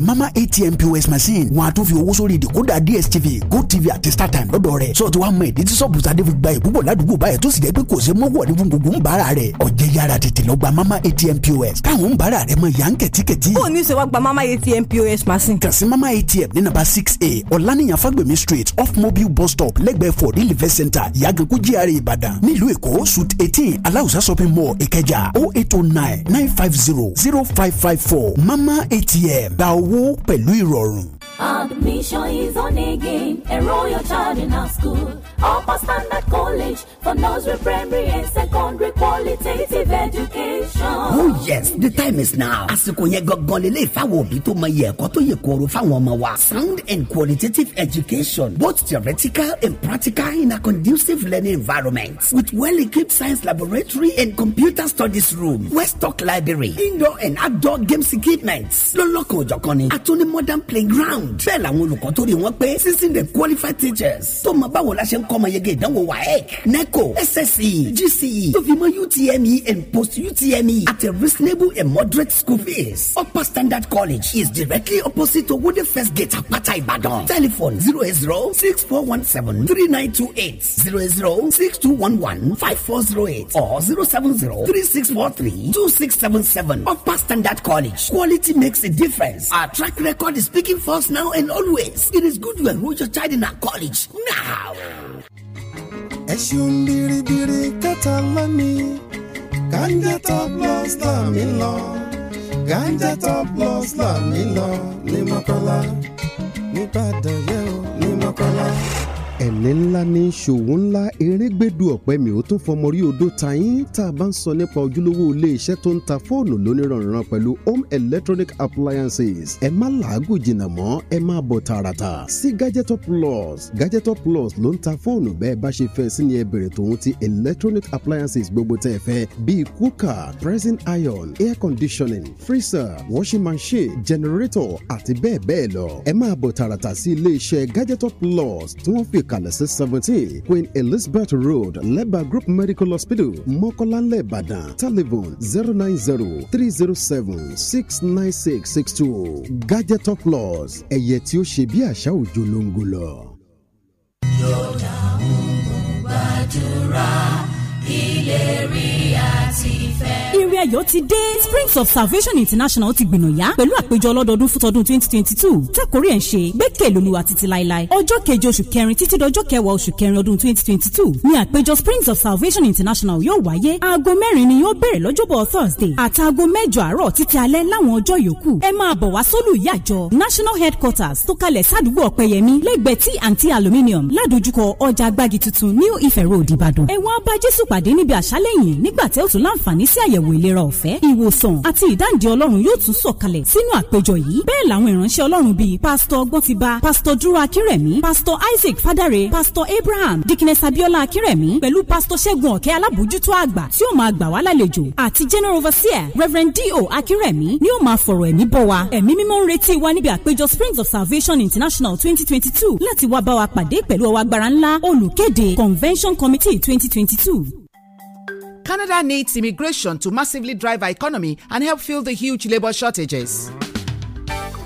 mama atm pos machine wọn a tún fi owó sórí ìdìkúdà dstv gotv àti startime lọ́dọ̀ rẹ̀ sọ ti wá mọ ìdí tí sọ́ọ̀bù sadé fi gba ìbúbọ̀ ládùúgbò báyìí tó sì jẹ́ pé kò sí mọ́wọ́ ní gbogbo ń bára rẹ̀ ọ̀jẹ̀ yára tètè lọ gba mama atm pos káwọn ń bára rẹ̀ mọ yàn kẹ̀tíkẹ̀tí. ó ní sèwá gba mama atm pos machine. kàn sí mama atm ní nàbà six a ọ̀lànìyàn fagbemi street off mobile bus stop lẹ́gbẹ̀ẹ́ for the live center ìyàgànkú GRA ìbàdàn nílùú èkó suit eighteen aláùsá shopping mall ìkẹjà o oh eight o oh nine nine five zero zero five five four mama atm gba owó owó pẹ̀lú ìrọ̀rùn. Admission is on again. Enroll your child in our school. Upper Standard College for nursery, primary, and secondary qualitative education. Oh yes, the time is now. Àsìkò yẹn gangan lélẹ̀ ìfáwọ̀ òbí tó mọ iye ẹ̀kọ́ tó yẹ kóró fáwọn ọmọ wa. Sound and qualitative education, both theoretical and practical in a conducive learning environment with well-equipped science laboratory and computer studies room, Westock library, indoor and outdoor games equipment. Lọ́lọ́kan òjọ̀kan ni, àtúní modern playground hundred làwọn olùkọ́ tó rí wọn pé sixteen the qualified teachers tó mọ báwo la ṣe ń kọ́mọ yege ìdánwò waec neco sse gce tó fi mọ utme and post utme at a reasonable and moderate school fees upper standard college is directly opposite to wode first gate apata ibadan telephone zero eight zero six four one seven three nine two eight zero eight zero six two one one five four zero eight or zero seven zero three six four three two six seven seven upper standard college quality makes a difference our track record is speaking for us now now and always. It is good to enroll your child in a college now. ganja top loss là ganja top loss là ẹ̀ní ńlá ní ṣòwò ńlá erégbèdú ọ̀pẹ mi ò tún fọmọ rí odò tàyín tá a bá ń sọ nípa ojúlówó iléeṣẹ́ tó ń ta fóònù lóníranran pẹ̀lú home electronic appliances ẹ má làágùn jìnnà mọ́ ẹ máa bọ̀ tààràtà sí gadgetor plus gadgetor plus ló ń ta fóònù bẹ́ẹ̀ bá ṣe fẹ́ sí ni ẹ bèrè tòun ti electronic appliances gbogbo tẹ́ ẹ fẹ́ bíi cooker pressing iron air conditioning freezer washing machine generator àti bẹ́ẹ̀ bẹ́ẹ̀ lọ ẹ máa bọ̀ tààràtà sí iléeṣẹ́ gadgetor plus tí wọ́n fi kalẹ̀ sí seventeen Queen Elizabeth Road Leba Group Medical Hospital Mọ́kọ́lánlẹ̀ Ìbàdàn telephone zero nine zero three zero seven six nine six six two Gadget of Laws ẹ̀yẹ tí ó ṣe bí àṣà òjò ló ń gò lọ. Yóò dáhùn gbàdúrà ilé ayọ̀ ti dé Springs of Salvation International ti gbìnàyà pẹ̀lú àpéjọ ọlọ́dọọdún fún tọdún twenty twenty two tẹ́kọ̀rí ẹ̀ ń ṣe gbẹ́kẹ̀ lóluwà títí láéláé ọjọ́ keje oṣù kẹrin títí dọjọ́ kẹwàá oṣù kẹrin ọdún twenty twenty two ni àpéjọ Springs of Salvation International yóò wáyé aago mẹ́rin ni yóò bẹ̀rẹ̀ lọ́jọ́bọ̀ Thursday àtàago mẹ́jọ àárọ̀ títí alẹ́ láwọn ọjọ́ yòókù ẹ máa bọ̀ wá sólù ìyàjọ National Headquarters tó kalẹ̀ sádùúgbò ọ̀pẹyẹmí lẹ́gbẹ̀ẹ́ tí àǹtí aluminium ládojúkọ ọjà agbági tuntun New Ife Road Ìbàdàn ẹ wá bá Jésù pàdé níbi àṣálẹ́ yìí nígbà tẹ́ ò ìlera ọ̀fẹ́ ìwòsàn àti ìdáǹdè ọlọ́run yóò tún sọ̀kalẹ̀ sínú àpéjọ yìí bẹ́ẹ̀ làwọn ìránṣẹ́ ọlọ́run bíi pásítọ̀ ọgbọ́ntiba pásítọ̀ dúró akírẹ̀mí pásítọ̀ isaac fadare pásítọ̀ abraham Dikine sabiola akírẹ̀mí pẹ̀lú pásítọ̀ ṣẹ́gun ọ̀kẹ́ alábòójútó àgbà tí ó máa gbà wá lálejò àti general overseer reverend do akírẹ̀mí ni ó máa fọ̀rọ̀ ẹ̀mí bọ́ wa ẹ̀mí mímọ́ springs of salvation international twenty twenty two láti wá bá wa pàdé convention committee twenty Canada needs immigration to massively drive our economy and help fill the huge labour shortages.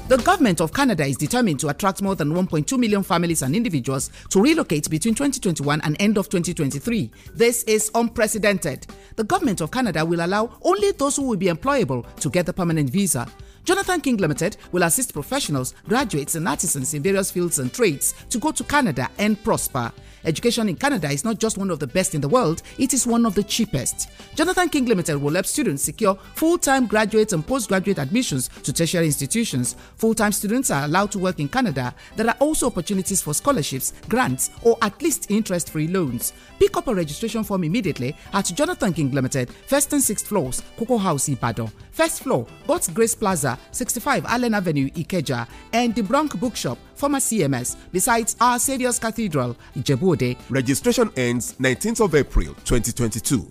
The government of Canada is determined to attract more than 1.2 million families and individuals to relocate between 2021 and end of 2023. This is unprecedented. The government of Canada will allow only those who will be employable to get the permanent visa. Jonathan King Limited will assist professionals, graduates, and artisans in various fields and trades to go to Canada and prosper. Education in Canada is not just one of the best in the world, it is one of the cheapest. Jonathan King Limited will help students secure full time graduate and postgraduate admissions to tertiary institutions. Full time students are allowed to work in Canada. There are also opportunities for scholarships, grants, or at least interest free loans. Pick up a registration form immediately at Jonathan King Limited, first and sixth floors, Coco House, Ibadan. First floor, God's Grace Plaza, 65 Allen Avenue, Ikeja, and the Bronx Bookshop former CMS, besides Our Saviour's Cathedral, Ijebuode. Registration ends 19th of April 2022.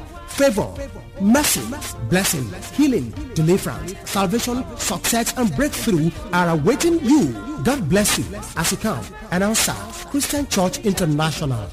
favor, mercy, blessing, healing, deliverance, salvation, success, and breakthrough are awaiting you. God bless you as you come and answer Christian Church International.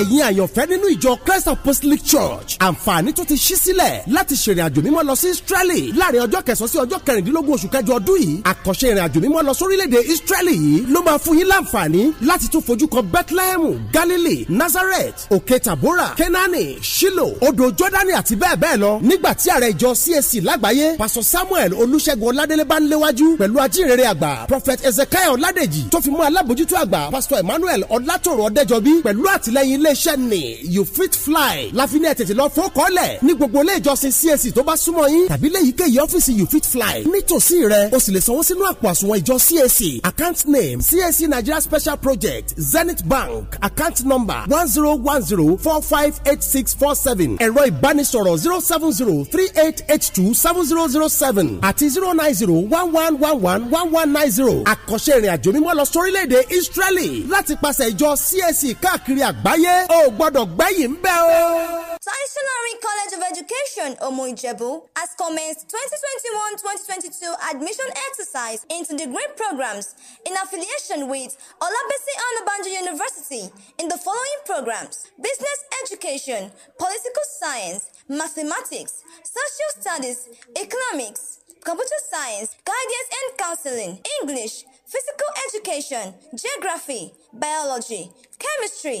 ẹ̀yin àyànfẹ́ nínú ìjọ Christ Apostolic Church àǹfààní tó ti ṣí sílẹ̀ láti ṣèrìn àjò mímọ́ lọ sí Israeli láàrin ọjọ́ kẹsàn-án sí ọjọ́ kẹrìndínlógún oṣù kẹjọ ọdún yìí àkànṣe ìrìn àjò mímọ́ lọ sórílẹ̀-èdè Israeli yìí ló máa fún yín láǹfààní láti tún fojú kan Bethlehem Galilee Nazareth Òkè Tabora Kenani Shilo odò Jordani àti bẹ́ẹ̀ bẹ́ẹ̀ lọ nígbà tí ààrẹ ìjọ CAC lágbàáyé Pastor Samuel Olúṣẹ́gun Ọládélé bá ń léwájú pẹ̀lú ajínrere àgbà Prophet Ezekiel, Ọládèjì tó fi mú alábòjútó àgbà Pastor Emmanuel Ọlátòrò Ọdẹ́jọbí pẹ̀lú àtìlẹ́yìn iléeṣẹ́ ni you fit fly láfínà tètè lọ fọ́kọ́lẹ̀ ní gbogbo ilé ìjọsìn CAC tó bá súnmọ́ yín tàbí léyìíkéyìí ọ́fíìsì you fit fly nítòsí rẹ o sì lè sanwó sínú àpò àsùnwọ̀n ìjọ CAC account name CAC Nigeria Special Project Zenith Bank account number one zero one zero four five eight six four seven ẹ̀rọ ìbánisọ̀rọ̀ zero seven zero three eight eight two seven zero zero seven àti zero nine zero one one one one one one nine zero àkànṣe ìrìnàjò mímọ́ lọ sórílẹ̀-èdè Israeli láti pàṣẹ ìjọ CAC káàkiri àgbáyé. pé o gbọ́dọ̀ gbẹ́yìn bẹ́ o. Traditionary College of Education, Omo Ijebu, has commenced 2021-2022 admission exercise into degree programs in affiliation with Olabisi Anabanjo University in the following programs: Business Education, Political Science, Mathematics, Social Studies, Economics, Computer Science, Guidance and Counseling, English, Physical Education, Geography, Biology, Chemistry,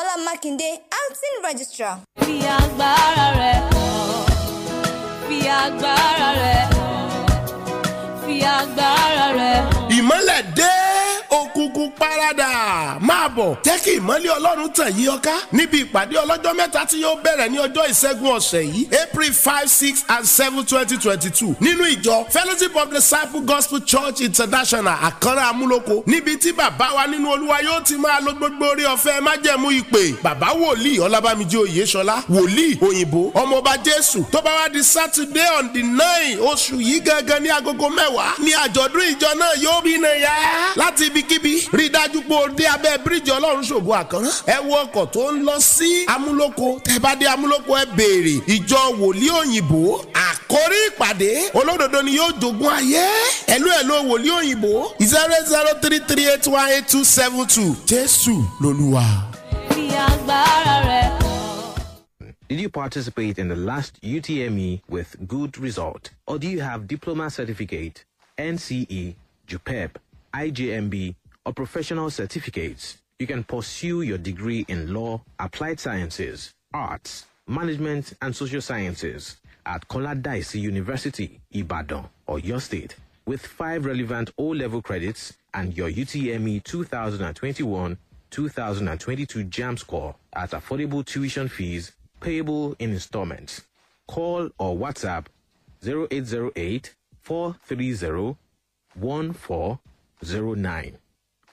Bọ́lá Mákindé acting registrar. fi agbára rẹ̀ hàn fi agbára rẹ̀ hàn fi agbára rẹ̀ hàn. ìmọ́lẹ̀ dé parada máa bọ̀ jẹ́ kí ìmọ́lẹ̀ ọlọ́run tàn yí ọká níbi ìpàdé ọlọ́jọ́ mẹ́ta tí yóò bẹ̀rẹ̀ ní ọjọ́ ìṣẹ́gun ọ̀sẹ̀ yìí april five six and seven twenty twenty two nínú ìjọ fellowship of disciples gospel church international àkànrà amúlòkó níbi tí bàbá wa nínú olúwa yóò ti máa lo gbogbo orí ọ̀fẹ́ májẹ̀mú ìpè bàbá wòlíì ọlábàmíjì oyèṣọlá wòlíì òyìnbó ọmọọba jésù tó bá wá di saturday on the nine oṣù yìí gangan ní agogo mẹ́wàá ní àjọ̀dún ìjọ náà yóò rí rí dájú pé o dé abẹ́ ọlọ́run ṣògo ẹ wo ọkọ̀ tó ń lọ sí amúlòkó tẹ bá dé amúlòkó ẹ béèrè ìjọ wòlíì òyìnbó àkórí ìpàdé olódodo ni yóò jogún ayé ẹlú ẹ ló wòlíì three three eight one eight two seven two jésù lolúwa. Did you participate in the last UTME with good result? Or do you have diploma certificate, NCE, JUPEP, IJMB, or professional certificates, you can pursue your degree in law, applied sciences, arts, management, and social sciences at Kola Daisy University, Ibadan, or your state, with five relevant O level credits and your UTME 2021 2022 JAM score at affordable tuition fees payable in installments. Call or WhatsApp 0808 430 1409.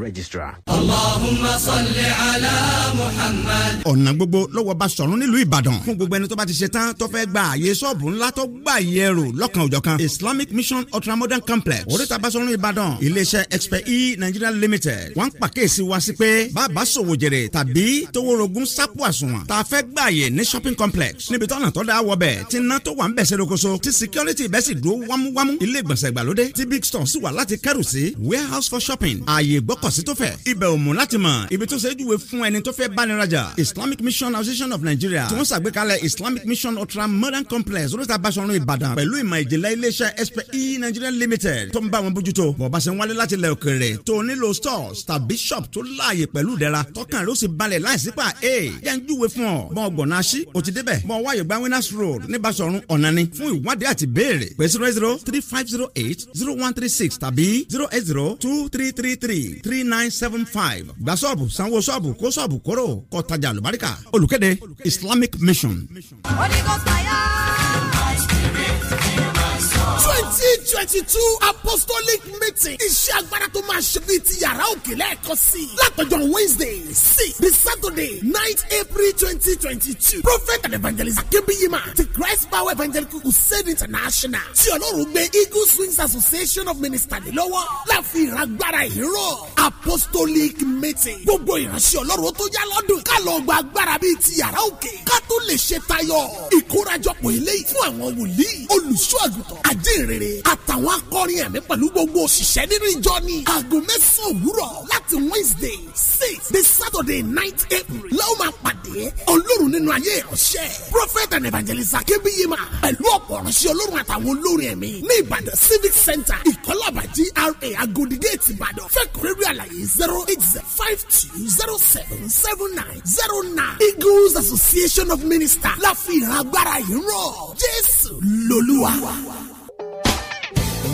registrar. Allahumma salli ala Muhammad. ọ̀nà gbogbo lọ́wọ́ Basọ̀rún nílùú Ìbàdàn fún gbogbo ẹni tó bá ti ṣe tán tó fẹ́ gba àyè sọ́ọ̀bù ńlá tó gbà yẹ rò lọ́kàn òjọ̀ kan Islamic Mission Ultramodern Complex oríta Basọ̀rún Ìbàdàn iléeṣẹ́ Expert E Nigeria Limited wọ́n ń pàkíyèsí wa sí pé bàbá sòwò jèrè tàbí toworogun sápò àsùnwọ̀n tá fẹ́ gba àyè ní shopping complex níbi tọ́nà tó wọ bẹ̀ tí iná tó wà ń bẹ̀ ṣe rokoṣo security bẹ́ẹ̀ sì dúró wámúwámú ilé ìgbọ̀nsẹ̀ ìgbàlódé tí big store sì wà láti kẹ́rù sí warehouse for shopping àyè gbọ́kọ̀ kọ̀ sí tó fẹ́. ibẹ̀ ò mú láti mọ̀ ibi tó ṣe é júwe fún ẹni tó fẹ́ báni islamic mission association of nigeria tí wọ́n ṣàgbékalẹ̀ islamic mission ultra modern complex olóòtú abasanru ìbàdàn pẹ̀lú ìmọ̀ ìjìnlẹ̀ iléeṣẹ́ spe nigeria limited tó ń bá wọn bójútó bọ̀bá ṣe ń wálé láti ilẹ̀ òkèèrè tó nílò stores tàbí shop tó láàyè pẹ̀lú ìdẹ̀ra tọkàn ló sì balẹ̀ láìsí pa e yẹn ń júwe fún ọ mọ ọgbọ̀n náà sí o ti débẹ̀ mọ wáyé gba winners road ní Basọ̀run ọ̀nani fún ìwádìí àti béèrè pé three five zero eight zero one three six tàbí zero eight zero two three three three three three nine seven five gba sọ́ọ̀bù sanwó sọ́ọ̀bù kó sọ́ọ̀bù kóró kọ́ tajà lùbáríkà olùkéde Islamic Mission. Holy Ghost fourteen twenty two apostolic meeting iṣẹ́ agbára tó máa ṣe bíi ti yàrá òkè lẹ́ẹ̀kan sí i látọjọ́ wednesday six the saturday nine april twenty twenty two prophet and evangelist akebiyima the christ power evangelical crusade international tí ọlọ́run gbé eagle swings association of ministers lọ́wọ́ láfi ìràgbára ìró apostolic meeting gbogbo ìránṣẹ́ ọlọ́run tó yá lọ́dún ká lọ gba agbára bíi ti yàrá òkè ká tó lè ṣe tayọ ìkórajọpọ̀ eléyìí fún àwọn wòlíì olùṣọ́ àgùntàn rere àtàwọn akọrin ẹ̀mí pẹ̀lú gbogbo òṣìṣẹ́ nínú ìjọ ni aago mẹ́sàn-án òwúrọ̀ láti Wednesday six the Saturday night April lẹ́wọ̀n máa pàdé Ọlọ́run nínú ayé ìránṣẹ́ prophet and evangelist akébíyémà pẹ̀lú ọ̀pọ̀ ìránṣẹ́ Ọlọ́run àtàwọn olórin ẹ̀mí ní Ìbàdàn civic center ìkọ́làbà GRA Agodi gate Ìbàdàn fẹ́kọ̀rẹ́rì àlàyé zero eight five two zero seven seven nine zero nine Eagles Association of Ministers láfi ìran agbára yìí rọ̀ Jésù lolúwa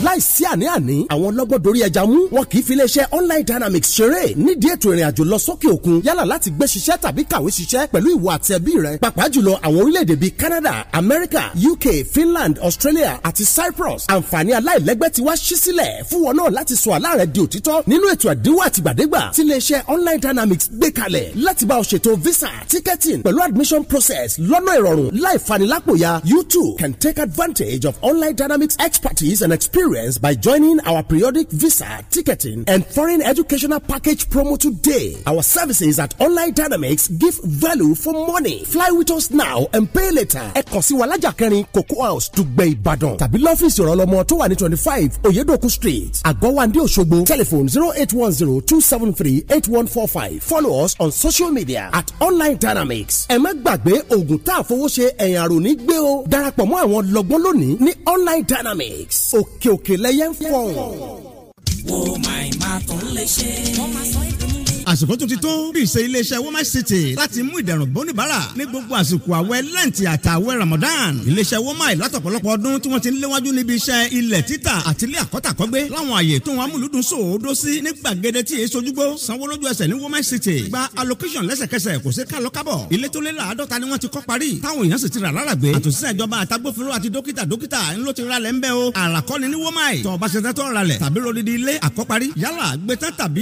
láìsí àní-àní àwọn lọ́gbọ́n dorí ẹja mú wọn kì í fi iléeṣẹ́ online dynamics ṣeré nídìí ètò ìrìn àjò lọ sókè òkun yálà láti gbé ṣiṣẹ́ tàbí kàwé ṣiṣẹ́ pẹ̀lú ìwọ àti ẹbí rẹ pàápàá jùlọ àwọn orílẹ̀-èdè bíi Canada America UK Finland Australia àti Cyprus àǹfààní aláìlẹ́gbẹ́ ti wá ṣí sílẹ̀ fún wọn náà láti sọ àlá rẹ di òtítọ́ nínú ètò ẹ̀dínwó àtìgbàdégbà tí iléeṣẹ́ online dynamics gbé kalẹ̀ láti bá ọ ṣètò visa ticketing pẹ̀lú admission process lọ́nà ìrọ̀rùn láìfanilápòyà you too can take advantage of online dynamics expertise and experience experience by joining our periodic visa, ticketing, and foreign educational package promo today. Our services at Online Dynamics give value for money. Fly with us now and pay later. Ẹ kàn sí wa lájàkẹrin Cocoa House Dùgbẹ́ badon. tàbí lọ́fíìsì ọ̀rọ̀ ọlọ́mọ tó wà ní twenty five Oyedoku street Àgọ́wandé Òṣogbo telephone zero eight one zero two seven three eight one four five follow us on social media at Online Dynamics. Ẹ má gbàgbé oògùn tá a fowó ṣe ẹ̀yìn àròní gbé Online Dynamics. Okay òkè lẹ́yẹ ń fọ̀. wo màì máa tán lè ṣe. wọ́n máa sọ èdè mú àsìkò tún ti tó bí ìṣe iléeṣẹ́ womash city láti mú ìdẹ̀rùn gbóni bára ní gbogbo àsìkò àwẹ̀ lẹ́ǹtì àtàwẹ̀ ramadan iléeṣẹ́ womash látọ̀pọ̀lọpọ̀ ọdún tí wọ́n ti ń léwájú níbi iṣẹ́ ilẹ̀ títà àti ilé àkọ́tàkọ́gbé láwọn àyè tó ń amúlùdùn sòódó sí ní gbàgede tí èso júgbó sanwó lójú ẹsẹ̀ ní womash city gba allocation lẹ́sẹ̀kẹsẹ̀ kò sí kálọ kábọ̀ ilé tó lé láàdọ́ta ni wọ́n ti kọ́ parí táwọn èèyàn sì ti rà láràgbé àtòsíṣẹ́ ìjọba àtagbófinró àti dókítà dókítà ńlọ ti ralẹ̀ ńbẹ́ o àràkọ́ni ní womash tọ́ ọ bá ṣe tẹ́tọ́ ralẹ̀ tàbí rodidi ilé àkọ́parí yálà gbẹ́tẹ́ tàbí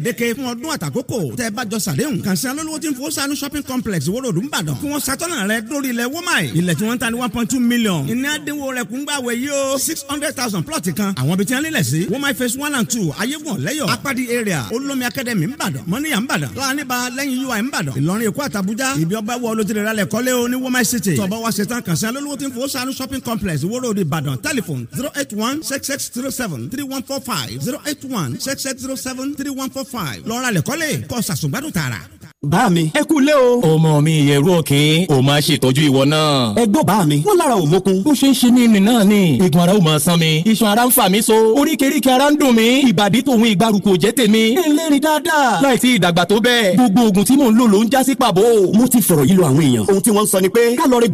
gbèdéke fún ọdún àtàkókò tẹ́ bá jọ sàdéhùn kàn sí alólùwò tí ń fowó sanu shopping complex wóróòdù ńbàdàn kí wọ́n satọ́nà rẹ dórí ilẹ̀ wọ́màì ilẹ̀ tí wọ́n ń ta ní one point two million ìní àdéhùn rẹ̀ kún gbà wẹ̀ yìí six hundred thousand plot kan àwọn ibi tí sí wọ́màì phase one and two ayégun lẹ́yọ̀ apadi area olómi academy ńbàdàn mọ́níyà ńbàdàn láàánibà lẹ́yìn ui ńbàdàn ìlọrin èkó àtàbújá ibi ọba wọ olótìrẹ rálẹ̀ kọ́lé o ní wọ́màì city tọ́bọ̀ wá ṣetán kàn sí alólùwò tí ń fowó sanu shopping complex wóróòdù ìbàdàn telephone zero eight one six six zero seven three one four five zero eight one six six zero seven three one four five five lọ́ra lẹ̀kọ́lẹ̀ kọ́ sàṣùgbádùn tààrà bá mi. ẹ kú o. ọmọ mi ìyẹ̀rú òkè o máa ṣètọ́jú ìwọ náà. ẹ gbọ́ bá mi. wọ́n lára ò mókun. ó ṣe ń ṣe ní ìrìn náà ni. igun ara ò máa san mi. iṣan ara ń fà mí so. oríkèéríkèé ara ń dùn mí. ìbàdí tòun ìgbàrúkọ jẹ́ tèmi. ẹlẹ́rìí dáadáa. láì tí ìdàgbà tó bẹ́ẹ̀. gbogbo oògùn tí mò ń lò ló ń já sí pàbó. mo ti fọ̀rọ̀ yí lọ àwọn èèyàn. ohun tí wọ́n sọ ni pé kálọ̀rì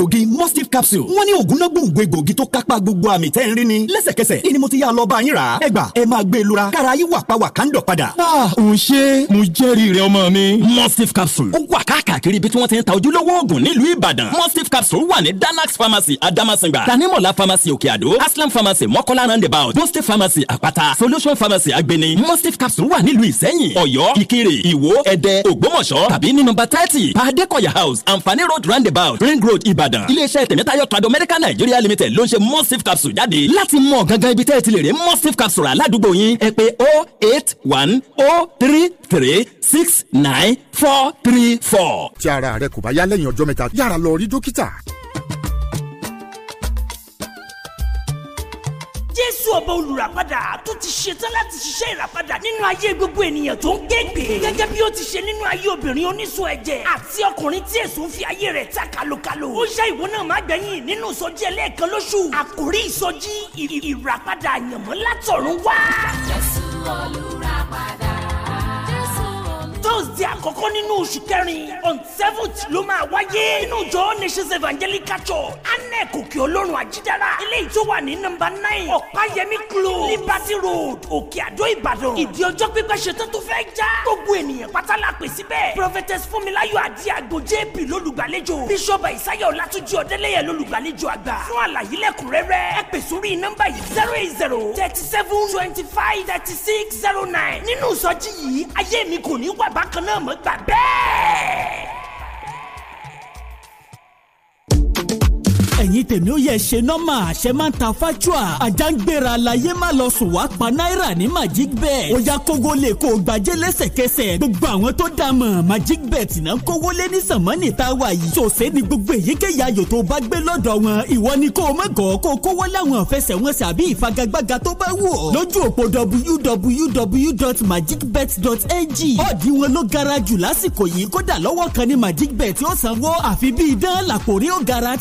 capsule. wọ́n ní oògùn náà gbòǹgbò egbòogi tó ni. lẹ́sẹ̀kẹsẹ̀ ni mo ti yá lọ bá yín e lura. kára yí wà pa ah òun ṣe mo jẹ́rìí capsule ó wà káàkiri ibi tí wọ́n ti ń ta ojúlówó oògùn nílùú Ìbàdàn mustif capsule wà ní danax pharmacy Adamasingba tanimola pharmacy Òkè Àdó aslam pharmacy Mọ́kọ́lá roundabout mustif pharmacy Àpáta solution pharmacy Agbeni mustif capsule wà nílùú Ìsẹ́yìn Ọ̀yọ́ Ìkirè Ìwó Ẹdẹ Ògbómọ̀ṣọ́ tàbí ní nọ́mbà thirty pàdékọ̀yà house Àǹfààní road roundabout ring road Ìbàdàn iléeṣẹ́ tèmítayọ̀ trado medical Nigeria limited ló ń ṣe mustif capsule jáde láti mọ gangan ibi tẹ́ lè rí mustif capsule aládùúgbò yín ẹ pé oh eight one oh three three six nine four three four. tí ara rẹ kò bá yá lẹ́yìn ọjọ́ mẹ́ta yára lọ rí dókítà. jésù ọba olùràpadà tó ti ṣetán láti ṣiṣẹ́ ìràpadà nínú ayé gbogbo ènìyàn tó ń kégbè. gẹ́gẹ́ bí ó ti ṣe nínú ayé obìnrin onísun ẹ̀jẹ̀ àti ọkùnrin tí èso fi ayé rẹ̀ ta kalokalo. ó ṣe ìwọ náà má gbẹ̀yìn nínú ìsọjí ẹlẹ́ẹ̀kan lóṣù. àkòrí ìsọjí ìràpadà àyànmọ́ látọ̀run wá. jésù olùràpadà thursday àkọ́kọ́ nínú oṣù kẹrin on seventh ló máa wáyé nínú ìjọ nations evangelical church anec òkè ọlọ́run àjídára eléyìí tó wà ní nọ́mbà nine ọ̀páyẹmí close liberty road òkè àdó ìbàdàn ìdí ọjọ́ pípẹ́ ṣetán tó fẹ́ já gbogbo ènìyàn pátá la pè síbẹ̀ prophetess fúnmiláyọ̀ àdí àgbo jp lólùgbàlejò bishop isaiah ọlátúnjì ọdẹlẹyẹ lólùgbàlejò àgbà fún àlàyé lẹ́kùnrẹ́rẹ́ ẹ pè sórí nọ́mbà yìí zero eight zero thirty seven twenty five thirty six zero nine nínú ìsọjí yìí ayé mi kò ní wà bá 可那没般呗。ẹ̀yin tèmi ó yẹ ṣe nọ́mà àṣẹ máa ń ta fájúà ajá ń má lọ sùn wá pa náírà ní magic bet ó yá kógó lè kó o gbàjẹ́ lẹ́sẹ̀kẹsẹ̀ gbogbo àwọn tó dá mọ̀ magic bet náà kówó lé ní sànmọ́nì tá a wà yìí ṣòṣe ni gbogbo èyíkéyìí ayò tó bá gbé lọ́dọ̀ wọn ìwọ ni kó o má gọ̀ kó o kówó láwọn àfẹsẹ̀wọnsẹ̀ àbí ìfagagbága tó bá wù ọ́ lójú òpó www.magicbet.ng ọ̀dì wọn ló gara jù lásìkò yìí kódà lọ́wọ́ kan ní magic bet yóò sanwó àfi bíi dán làkòrí ó gara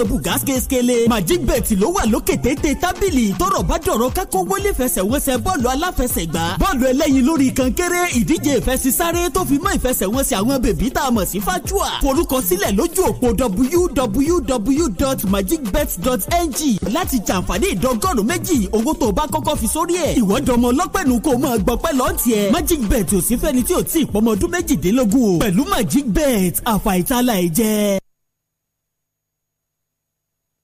àwọn bùgá kéékèèlé magic bet ló wà lókè téńté tábìlì tọ́rọ̀ bá dọ̀rọ̀ kákó wọlé fẹsẹ̀wọnsẹ̀ bọ́ọ̀lù aláfẹsẹ̀gbá bọ́ọ̀lù ẹlẹ́yin lórí kankéré ìdíje ìfẹsísáré tó fi mọ́ ìfẹsẹ̀wọnsẹ̀ àwọn bèbí tá a mọ̀ sí fájúà forúkọsílẹ̀ lójú òpó www.magicbet.ng láti jàǹfààní ìdọ́gọ́rùn méjì owó tó o bá kọ́kọ́ fi sórí ẹ̀ ìwọ́dọ̀mọ ọlọ́pẹ̀nu kò mọ̀ gbọ́pẹ́ lọ́ọ̀tì ẹ̀ magic bet ò sí fẹ́ni tí ò tí ì pọ́mọ magic bet àfàìtálà ẹ̀jẹ̀.